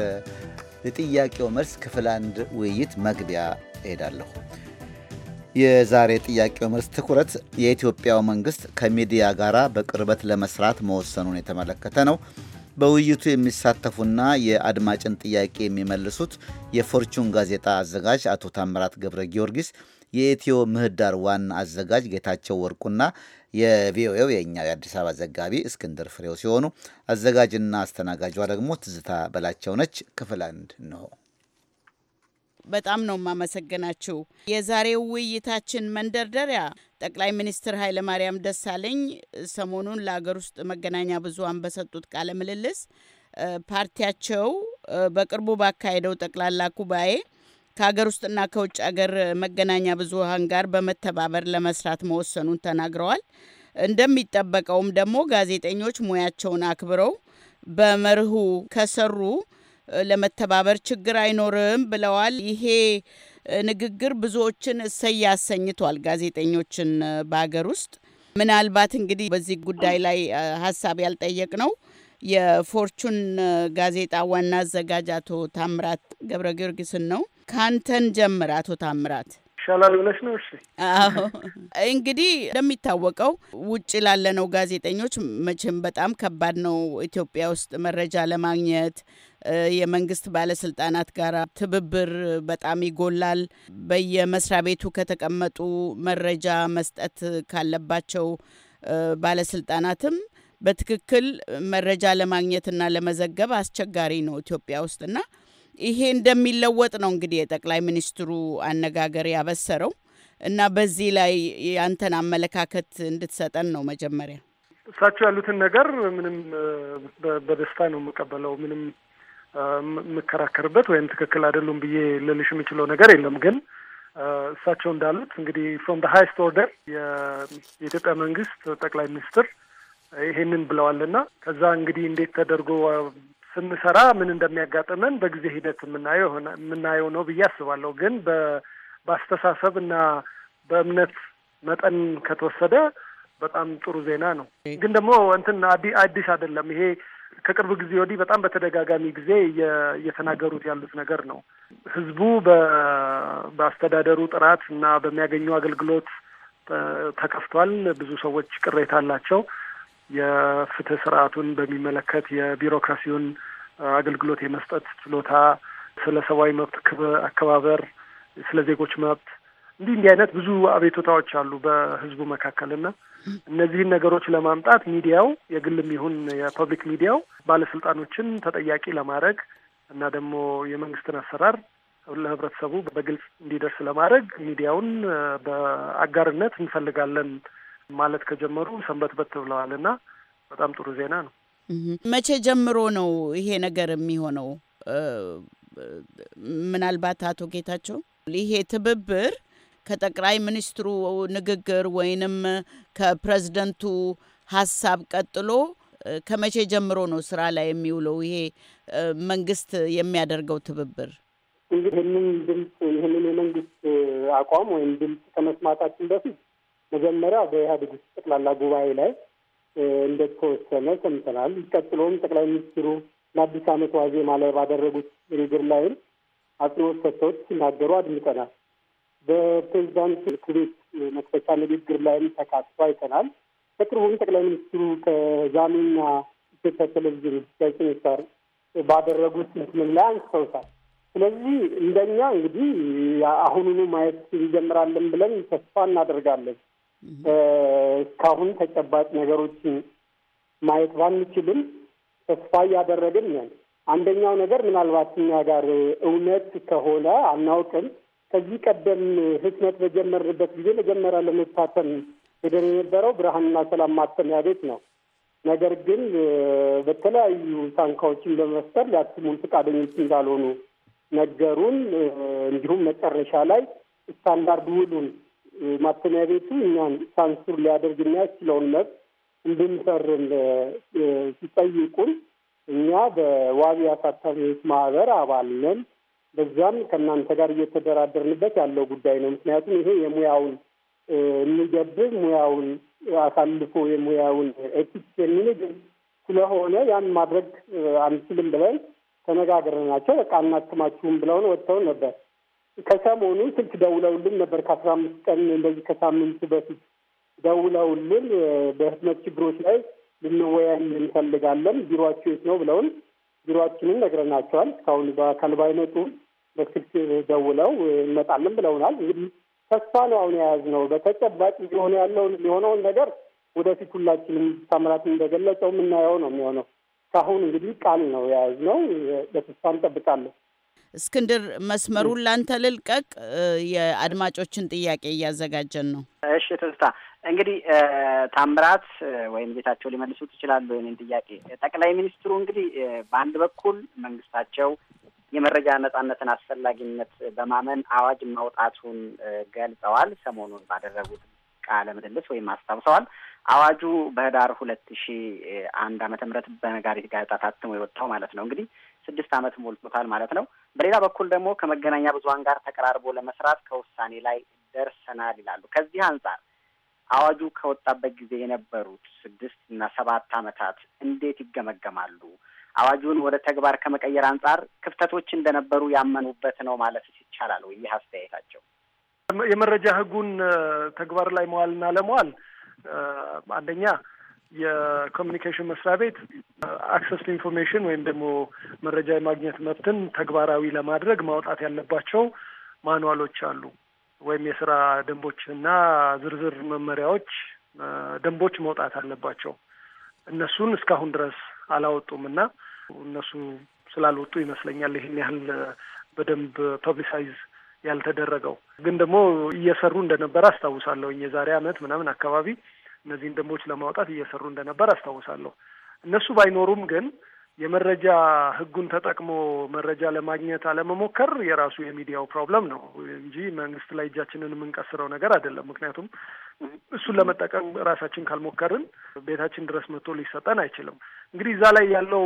የጥያቄው መልስ ክፍል አንድ ውይይት መግቢያ እሄዳለሁ። የዛሬ ጥያቄው መልስ ትኩረት የኢትዮጵያው መንግስት ከሚዲያ ጋር በቅርበት ለመስራት መወሰኑን የተመለከተ ነው። በውይይቱ የሚሳተፉና የአድማጭን ጥያቄ የሚመልሱት የፎርቹን ጋዜጣ አዘጋጅ አቶ ታምራት ገብረ ጊዮርጊስ፣ የኢትዮ ምህዳር ዋና አዘጋጅ ጌታቸው ወርቁና የቪኦኤው የእኛው የአዲስ አበባ ዘጋቢ እስክንድር ፍሬው ሲሆኑ አዘጋጅና አስተናጋጇ ደግሞ ትዝታ በላቸው ነች። ክፍል አንድ ነው። በጣም ነው የማመሰግናችሁ። የዛሬው ውይይታችን መንደርደሪያ ጠቅላይ ሚኒስትር ኃይለማርያም ደሳለኝ ሰሞኑን ለአገር ውስጥ መገናኛ ብዙሃን በሰጡት ቃለ ምልልስ ፓርቲያቸው በቅርቡ ባካሄደው ጠቅላላ ጉባኤ ከሀገር ውስጥና ከውጭ ሀገር መገናኛ ብዙሀን ጋር በመተባበር ለመስራት መወሰኑን ተናግረዋል። እንደሚጠበቀውም ደግሞ ጋዜጠኞች ሙያቸውን አክብረው በመርሁ ከሰሩ ለመተባበር ችግር አይኖርም ብለዋል። ይሄ ንግግር ብዙዎችን እሰይ አሰኝቷል፣ ጋዜጠኞችን በሀገር ውስጥ ምናልባት እንግዲህ በዚህ ጉዳይ ላይ ሀሳብ ያልጠየቅ ነው የፎርቹን ጋዜጣ ዋና አዘጋጅ አቶ ታምራት ገብረ ጊዮርጊስን ነው። ካንተን ጀምር አቶ ታምራት ይሻላል ብለሽ ነው። እሺ፣ አዎ እንግዲህ እንደሚታወቀው ውጭ ላለነው ጋዜጠኞች መቼም በጣም ከባድ ነው ኢትዮጵያ ውስጥ መረጃ ለማግኘት። የመንግስት ባለስልጣናት ጋር ትብብር በጣም ይጎላል። በየመስሪያ ቤቱ ከተቀመጡ መረጃ መስጠት ካለባቸው ባለስልጣናትም በትክክል መረጃ ለማግኘትና ለመዘገብ አስቸጋሪ ነው ኢትዮጵያ ውስጥና ይሄ እንደሚለወጥ ነው እንግዲህ የጠቅላይ ሚኒስትሩ አነጋገር ያበሰረው እና በዚህ ላይ ያንተን አመለካከት እንድትሰጠን ነው መጀመሪያ። እሳቸው ያሉትን ነገር ምንም በደስታ ነው የምቀበለው። ምንም የምከራከርበት ወይም ትክክል አይደሉም ብዬ ልልሽ የምችለው ነገር የለም። ግን እሳቸው እንዳሉት እንግዲህ ፍሮም ሀይስት ኦርደር የኢትዮጵያ መንግስት ጠቅላይ ሚኒስትር ይሄንን ብለዋል ከዛ እንግዲህ እንዴት ተደርጎ ስንሰራ ምን እንደሚያጋጥመን በጊዜ ሂደት የምናየው የምናየው ነው ብዬ አስባለሁ። ግን በአስተሳሰብ እና በእምነት መጠን ከተወሰደ በጣም ጥሩ ዜና ነው። ግን ደግሞ እንትን አዲስ አይደለም ይሄ ከቅርብ ጊዜ ወዲህ በጣም በተደጋጋሚ ጊዜ እየተናገሩት ያሉት ነገር ነው። ህዝቡ በአስተዳደሩ ጥራት እና በሚያገኙ አገልግሎት ተከፍቷል። ብዙ ሰዎች ቅሬታ አላቸው። የፍትህ ስርዓቱን በሚመለከት የቢሮክራሲውን አገልግሎት የመስጠት ችሎታ፣ ስለ ሰብአዊ መብት አከባበር፣ ስለ ዜጎች መብት እንዲህ እንዲህ አይነት ብዙ አቤቱታዎች አሉ በህዝቡ መካከልና እነዚህን ነገሮች ለማምጣት ሚዲያው የግልም ይሁን የፐብሊክ ሚዲያው ባለስልጣኖችን ተጠያቂ ለማድረግ እና ደግሞ የመንግስትን አሰራር ለህብረተሰቡ በግልጽ እንዲደርስ ለማድረግ ሚዲያውን በአጋርነት እንፈልጋለን ማለት ከጀመሩ በት ብለዋል እና በጣም ጥሩ ዜና ነው። መቼ ጀምሮ ነው ይሄ ነገር የሚሆነው? ምናልባት አቶ ጌታቸው ይሄ ትብብር ከጠቅላይ ሚኒስትሩ ንግግር ወይንም ከፕሬዝደንቱ ሀሳብ ቀጥሎ ከመቼ ጀምሮ ነው ስራ ላይ የሚውለው ይሄ መንግስት የሚያደርገው ትብብር? እንግዲህ ይህንን ድምፅ ይህንን የመንግስት አቋም ወይም ድምፅ ከመስማታችን በፊት መጀመሪያ በኢህአዴግ ውስጥ ጠቅላላ ጉባኤ ላይ እንደተወሰነ ሰምተናል። ቀጥሎም ጠቅላይ ሚኒስትሩ ለአዲስ ዓመት ዋዜማ ላይ ባደረጉት ንግግር ላይም አጽንኦት ሰጥተውት ሲናገሩ አድምጠናል። በፕሬዚዳንት ኩቤት መክፈቻ ንግግር ላይም ተካትቶ አይተናል። በቅርቡም ጠቅላይ ሚኒስትሩ ከዛሜና ኢትዮጵያ ቴሌቪዥን ጋዜጠኞች ጋር ባደረጉት ምትምም ላይ አንስተውታል። ስለዚህ እንደኛ እንግዲህ አሁኑኑ ማየት እንጀምራለን ብለን ተስፋ እናደርጋለን። እስካሁን ተጨባጭ ነገሮችን ማየት ባንችልም ተስፋ እያደረግን ነን። አንደኛው ነገር ምናልባት እኛ ጋር እውነት ከሆነ አናውቅም። ከዚህ ቀደም ህትመት በጀመርንበት ጊዜ መጀመሪያ ለመታተም ሄደን የነበረው ብርሃንና ሰላም ማተሚያ ቤት ነው። ነገር ግን በተለያዩ ታንካዎችን በመፍጠር ሊያትሙን ፈቃደኞች እንዳልሆኑ ነገሩን። እንዲሁም መጨረሻ ላይ ስታንዳርድ ውሉን ማተሚያ ቤቱ እኛን ሳንሱር ሊያደርግ የሚያስችለውን መብት እንድንፈርም ሲጠይቁን እኛ በዋቢ አሳታሚዎች ማህበር አባል ነን። በዛም ከእናንተ ጋር እየተደራደርንበት ያለው ጉዳይ ነው። ምክንያቱም ይሄ የሙያውን የሚገብር ሙያውን አሳልፎ የሙያውን ኤቲክስ የሚንግል ስለሆነ ያን ማድረግ አንችልም ብለን ተነጋግረናቸው በቃ አናክማችሁም ብለውን ወጥተውን ነበር። ከሰሞኑ ስልክ ደውለውልን ነበር። ከአስራ አምስት ቀን እንደዚህ ከሳምንቱ በፊት ደውለውልን በህትመት ችግሮች ላይ ልንወያይ እንፈልጋለን ቢሮአችሁ የት ነው ብለውን ቢሮአችንን ነግረናቸዋል። እስካሁን በአካል ባይመጡ በስልክ ደውለው እንመጣለን ብለውናል። ተስፋ ነው አሁን የያዝነው በተጨባጭ እየሆነ ያለውን የሆነውን ነገር ወደፊት ሁላችንም ሳምራት እንደገለጸው የምናየው ነው የሚሆነው። ከአሁን እንግዲህ ቃል ነው የያዝነው፣ በተስፋ እንጠብቃለን። እስክንድር መስመሩን ላንተ ልልቀቅ። የአድማጮችን ጥያቄ እያዘጋጀን ነው። እሺ ትዝታ እንግዲህ ታምራት ወይም ቤታቸው ሊመልሱት ይችላሉ። ይህንን ጥያቄ ጠቅላይ ሚኒስትሩ እንግዲህ በአንድ በኩል መንግስታቸው የመረጃ ነጻነትን አስፈላጊነት በማመን አዋጅ ማውጣቱን ገልጸዋል። ሰሞኑን ባደረጉት ቃለ ምልልስ ወይም አስታውሰዋል። አዋጁ በህዳር ሁለት ሺ አንድ ዓመተ ምህረት በነጋሪት ጋዜጣ ታትሞ የወጣው ማለት ነው። እንግዲህ ስድስት ዓመት ሞልቶታል ማለት ነው። በሌላ በኩል ደግሞ ከመገናኛ ብዙኃን ጋር ተቀራርቦ ለመስራት ከውሳኔ ላይ ደርሰናል ይላሉ። ከዚህ አንጻር አዋጁ ከወጣበት ጊዜ የነበሩት ስድስት እና ሰባት ዓመታት እንዴት ይገመገማሉ? አዋጁን ወደ ተግባር ከመቀየር አንጻር ክፍተቶች እንደነበሩ ያመኑበት ነው ማለት ይቻላል ወይ? ይህ አስተያየታቸው የመረጃ ህጉን ተግባር ላይ መዋልና ለመዋል አንደኛ የኮሚኒኬሽን መስሪያ ቤት አክሰስ ኢንፎርሜሽን ወይም ደግሞ መረጃ የማግኘት መብትን ተግባራዊ ለማድረግ ማውጣት ያለባቸው ማንዋሎች አሉ ወይም የስራ ደንቦች እና ዝርዝር መመሪያዎች፣ ደንቦች መውጣት አለባቸው። እነሱን እስካሁን ድረስ አላወጡም እና እነሱ ስላልወጡ ይመስለኛል ይህን ያህል በደንብ ፐብሊሳይዝ ያልተደረገው። ግን ደግሞ እየሰሩ እንደነበረ አስታውሳለሁ። የዛሬ ዓመት ምናምን አካባቢ እነዚህን ደንቦች ለማውጣት እየሰሩ እንደነበር አስታውሳለሁ። እነሱ ባይኖሩም ግን የመረጃ ህጉን ተጠቅሞ መረጃ ለማግኘት አለመሞከር የራሱ የሚዲያው ፕሮብለም ነው እንጂ መንግስት ላይ እጃችንን የምንቀስረው ነገር አይደለም። ምክንያቱም እሱን ለመጠቀም ራሳችን ካልሞከርን ቤታችን ድረስ መጥቶ ሊሰጠን አይችልም። እንግዲህ እዛ ላይ ያለው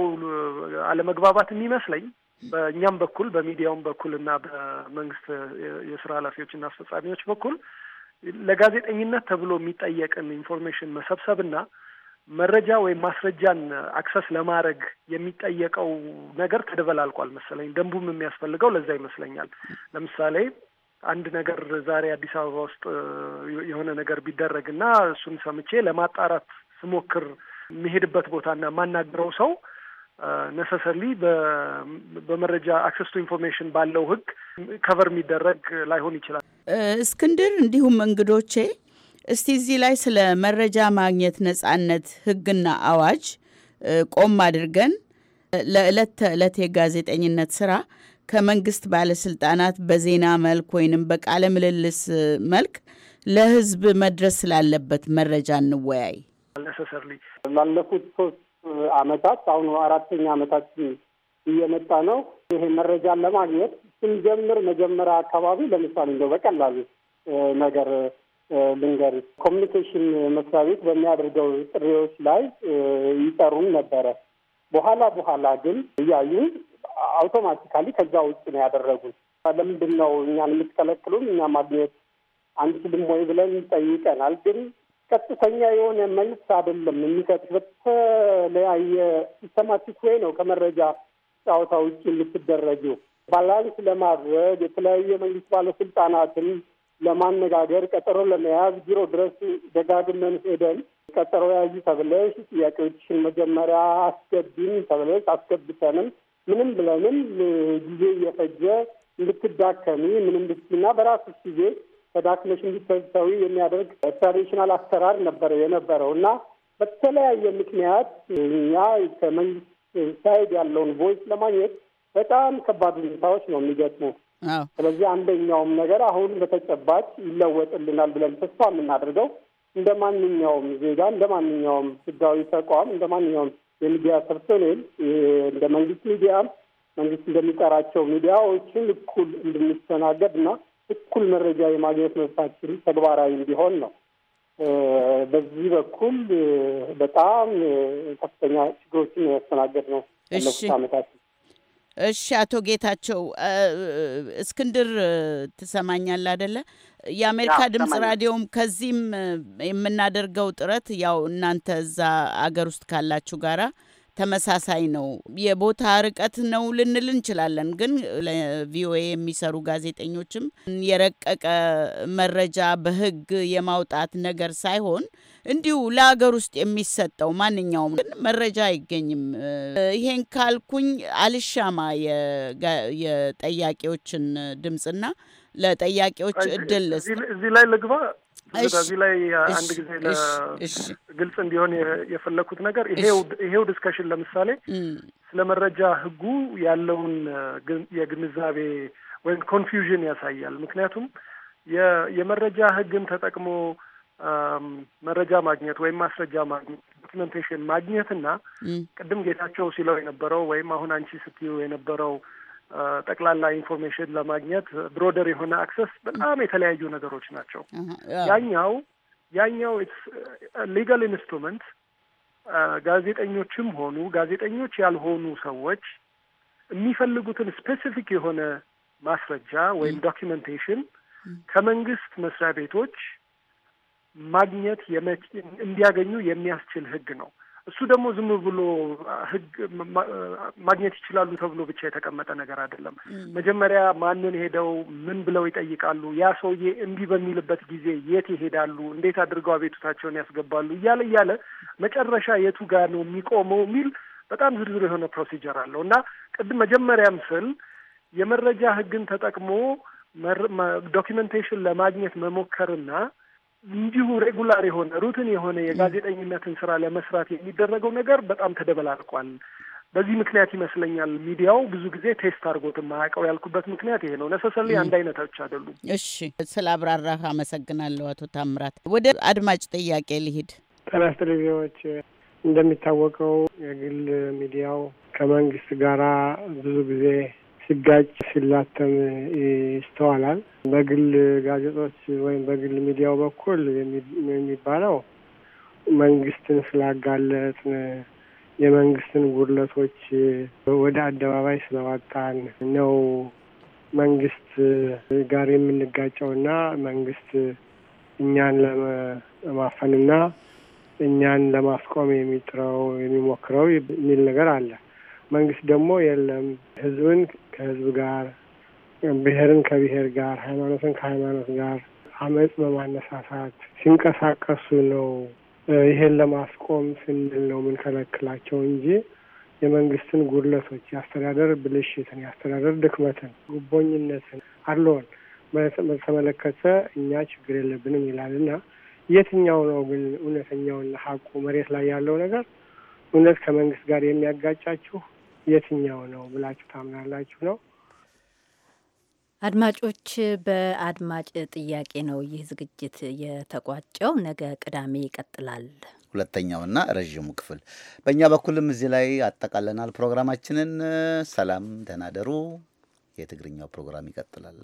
አለመግባባት የሚመስለኝ በእኛም በኩል በሚዲያውም በኩል እና በመንግስት የስራ ኃላፊዎችና አስፈጻሚዎች በኩል ለጋዜጠኝነት ተብሎ የሚጠየቅን ኢንፎርሜሽን መሰብሰብና መረጃ ወይም ማስረጃን አክሰስ ለማድረግ የሚጠየቀው ነገር ተደበላልቋል መሰለኝ። ደንቡም የሚያስፈልገው ለዛ ይመስለኛል። ለምሳሌ አንድ ነገር ዛሬ አዲስ አበባ ውስጥ የሆነ ነገር ቢደረግና እሱን ሰምቼ ለማጣራት ስሞክር የሚሄድበት ቦታና የማናግረው ሰው ነሰሰርሊ በመረጃ አክሰስ ቱ ኢንፎርሜሽን ባለው ህግ ከቨር የሚደረግ ላይሆን ይችላል። እስክንድር፣ እንዲሁም እንግዶቼ እስቲ እዚህ ላይ ስለ መረጃ ማግኘት ነጻነት ህግና አዋጅ ቆም አድርገን ለዕለት ተዕለት የጋዜጠኝነት ስራ ከመንግስት ባለስልጣናት በዜና መልክ ወይንም በቃለ ምልልስ መልክ ለህዝብ መድረስ ስላለበት መረጃ እንወያይ። ነሰሰርሊ ላለፉት ሶስት አመታት አሁን አራተኛ አመታችን እየመጣ ነው። ይሄ መረጃን ለማግኘት ስንጀምር መጀመሪያ አካባቢ ለምሳሌ እንደው በቀላሉ ነገር ልንገር፣ ኮሚኒኬሽን መስሪያ ቤት በሚያደርገው ጥሪዎች ላይ ይጠሩን ነበረ። በኋላ በኋላ ግን እያዩ አውቶማቲካሊ ከዛ ውጭ ነው ያደረጉት። ለምንድን ነው እኛን የምትከለክሉን? እኛ ማግኘት አንችልም ወይ ብለን ጠይቀናል። ግን ቀጥተኛ የሆነ መልስ አይደለም የሚሰጥሽ። በተለያየ ሲስተማቲክ ወይ ነው ከመረጃ ጫወታ ውጭ የምትደረጊው። ባላንስ ለማድረግ የተለያዩ የመንግስት ባለስልጣናትን ለማነጋገር ቀጠሮ ለመያዝ ቢሮ ድረስ ደጋግመን ሄደን ቀጠሮ ያዙ ተብለሽ ጥያቄዎችን መጀመሪያ አስገቢም ተብለሽ አስገብተንም ምንም ብለንም ጊዜ እየፈጀ እንድትዳከሚ ምንም ብትና በራስሽ ጊዜ ተዳክመሽ እንዲተሰዊ የሚያደርግ ትራዲሽናል አሰራር ነበረ የነበረው እና በተለያየ ምክንያት እኛ ከመንግስት ሳይድ ያለውን ቮይስ ለማግኘት በጣም ከባድ ሁኔታዎች ነው የሚገጥሙ። ስለዚህ አንደኛውም ነገር አሁን በተጨባጭ ይለወጥልናል ብለን ተስፋ የምናደርገው እንደ ማንኛውም ዜጋ እንደ ማንኛውም ህጋዊ ተቋም እንደ ማንኛውም የሚዲያ ፐርሶኔል እንደ መንግስት ሚዲያም መንግስት እንደሚጠራቸው ሚዲያዎችን እኩል እንድንስተናገድ እና እኩል መረጃ የማግኘት መብታችን ተግባራዊ እንዲሆን ነው። በዚህ በኩል በጣም ከፍተኛ ችግሮችን ያስተናገድ ነው ያለፉት አመታት። እሺ አቶ ጌታቸው እስክንድር ትሰማኛል አይደለ? የአሜሪካ ድምጽ ራዲዮም ከዚህም የምናደርገው ጥረት ያው እናንተ እዛ አገር ውስጥ ካላችሁ ጋራ ተመሳሳይ ነው። የቦታ ርቀት ነው ልንል እንችላለን። ግን ለቪኦኤ የሚሰሩ ጋዜጠኞችም የረቀቀ መረጃ በህግ የማውጣት ነገር ሳይሆን እንዲሁ ለሀገር ውስጥ የሚሰጠው ማንኛውም ግን መረጃ አይገኝም። ይሄን ካልኩኝ አልሻማ የጠያቂዎችን ድምፅና ለጠያቂዎች እድል እዚህ ላይ ልግባ። በዚህ ላይ አንድ ጊዜ ግልጽ እንዲሆን የፈለግኩት ነገር ይሄው ዲስከሽን ለምሳሌ ስለ መረጃ ህጉ ያለውን የግንዛቤ ወይም ኮንፊውዥን ያሳያል። ምክንያቱም የመረጃ ህግን ተጠቅሞ መረጃ ማግኘት ወይም ማስረጃ ማግኘት ዶክመንቴሽን ማግኘትና ቅድም ጌታቸው ሲለው የነበረው ወይም አሁን አንቺ ስትዩ የነበረው ጠቅላላ ኢንፎርሜሽን ለማግኘት ብሮደር የሆነ አክሰስ በጣም የተለያዩ ነገሮች ናቸው። ያኛው ያኛው ሊጋል ኢንስትሩመንት ጋዜጠኞችም ሆኑ ጋዜጠኞች ያልሆኑ ሰዎች የሚፈልጉትን ስፔሲፊክ የሆነ ማስረጃ ወይም ዶኪመንቴሽን ከመንግስት መስሪያ ቤቶች ማግኘት እንዲያገኙ የሚያስችል ህግ ነው። እሱ ደግሞ ዝም ብሎ ህግ ማግኘት ይችላሉ ተብሎ ብቻ የተቀመጠ ነገር አይደለም። መጀመሪያ ማንን ሄደው ምን ብለው ይጠይቃሉ? ያ ሰውዬ እምቢ በሚልበት ጊዜ የት ይሄዳሉ? እንዴት አድርገው አቤቱታቸውን ያስገባሉ? እያለ እያለ መጨረሻ የቱ ጋር ነው የሚቆመው የሚል በጣም ዝርዝር የሆነ ፕሮሲጀር አለው እና ቅድም መጀመሪያም ስል የመረጃ ህግን ተጠቅሞ ዶኪመንቴሽን ለማግኘት መሞከርና እንዲሁ ሬጉላር የሆነ ሩትን የሆነ የጋዜጠኝነትን ስራ ለመስራት የሚደረገው ነገር በጣም ተደበላልቋል። በዚህ ምክንያት ይመስለኛል ሚዲያው ብዙ ጊዜ ቴስት አድርጎት የማያውቀው ያልኩበት ምክንያት ይሄ ነው። ነሰሰል አንድ አይነቶች አይደሉም። እሺ፣ ስለ አብራራህ አመሰግናለሁ አቶ ታምራት። ወደ አድማጭ ጥያቄ ልሂድ። ጤና ቴሌቪዎች እንደሚታወቀው የግል ሚዲያው ከመንግስት ጋራ ብዙ ጊዜ ሲጋጭ ሲላተም ይስተዋላል። በግል ጋዜጦች ወይም በግል ሚዲያው በኩል የሚባለው መንግስትን ስላጋለጥን የመንግስትን ጉድለቶች ወደ አደባባይ ስለወጣን ነው መንግስት ጋር የምንጋጨውና መንግስት እኛን ለማፈንና እኛን ለማስቆም የሚጥረው የሚሞክረው የሚል ነገር አለ። መንግስት ደግሞ የለም ህዝብን ከህዝብ ጋር፣ ብሔርን ከብሔር ጋር፣ ሃይማኖትን ከሃይማኖት ጋር አመፅ በማነሳሳት ሲንቀሳቀሱ ነው። ይሄን ለማስቆም ስንል ነው የምንከለክላቸው እንጂ የመንግስትን ጉድለቶች፣ የአስተዳደር ብልሽትን፣ የአስተዳደር ድክመትን፣ ጉቦኝነትን፣ አለውን በተመለከተ እኛ ችግር የለብንም ይላል እና የትኛው ነው ግን እውነተኛውና ሀቁ መሬት ላይ ያለው ነገር እውነት ከመንግስት ጋር የሚያጋጫችሁ የትኛው ነው ብላችሁ ታምናላችሁ ነው? አድማጮች በአድማጭ ጥያቄ ነው ይህ ዝግጅት የተቋጨው። ነገ ቅዳሜ ይቀጥላል ሁለተኛውና ረዥሙ ክፍል። በእኛ በኩልም እዚህ ላይ አጠቃለናል ፕሮግራማችንን። ሰላም፣ ደህና ደሩ። የትግርኛው ፕሮግራም ይቀጥላል።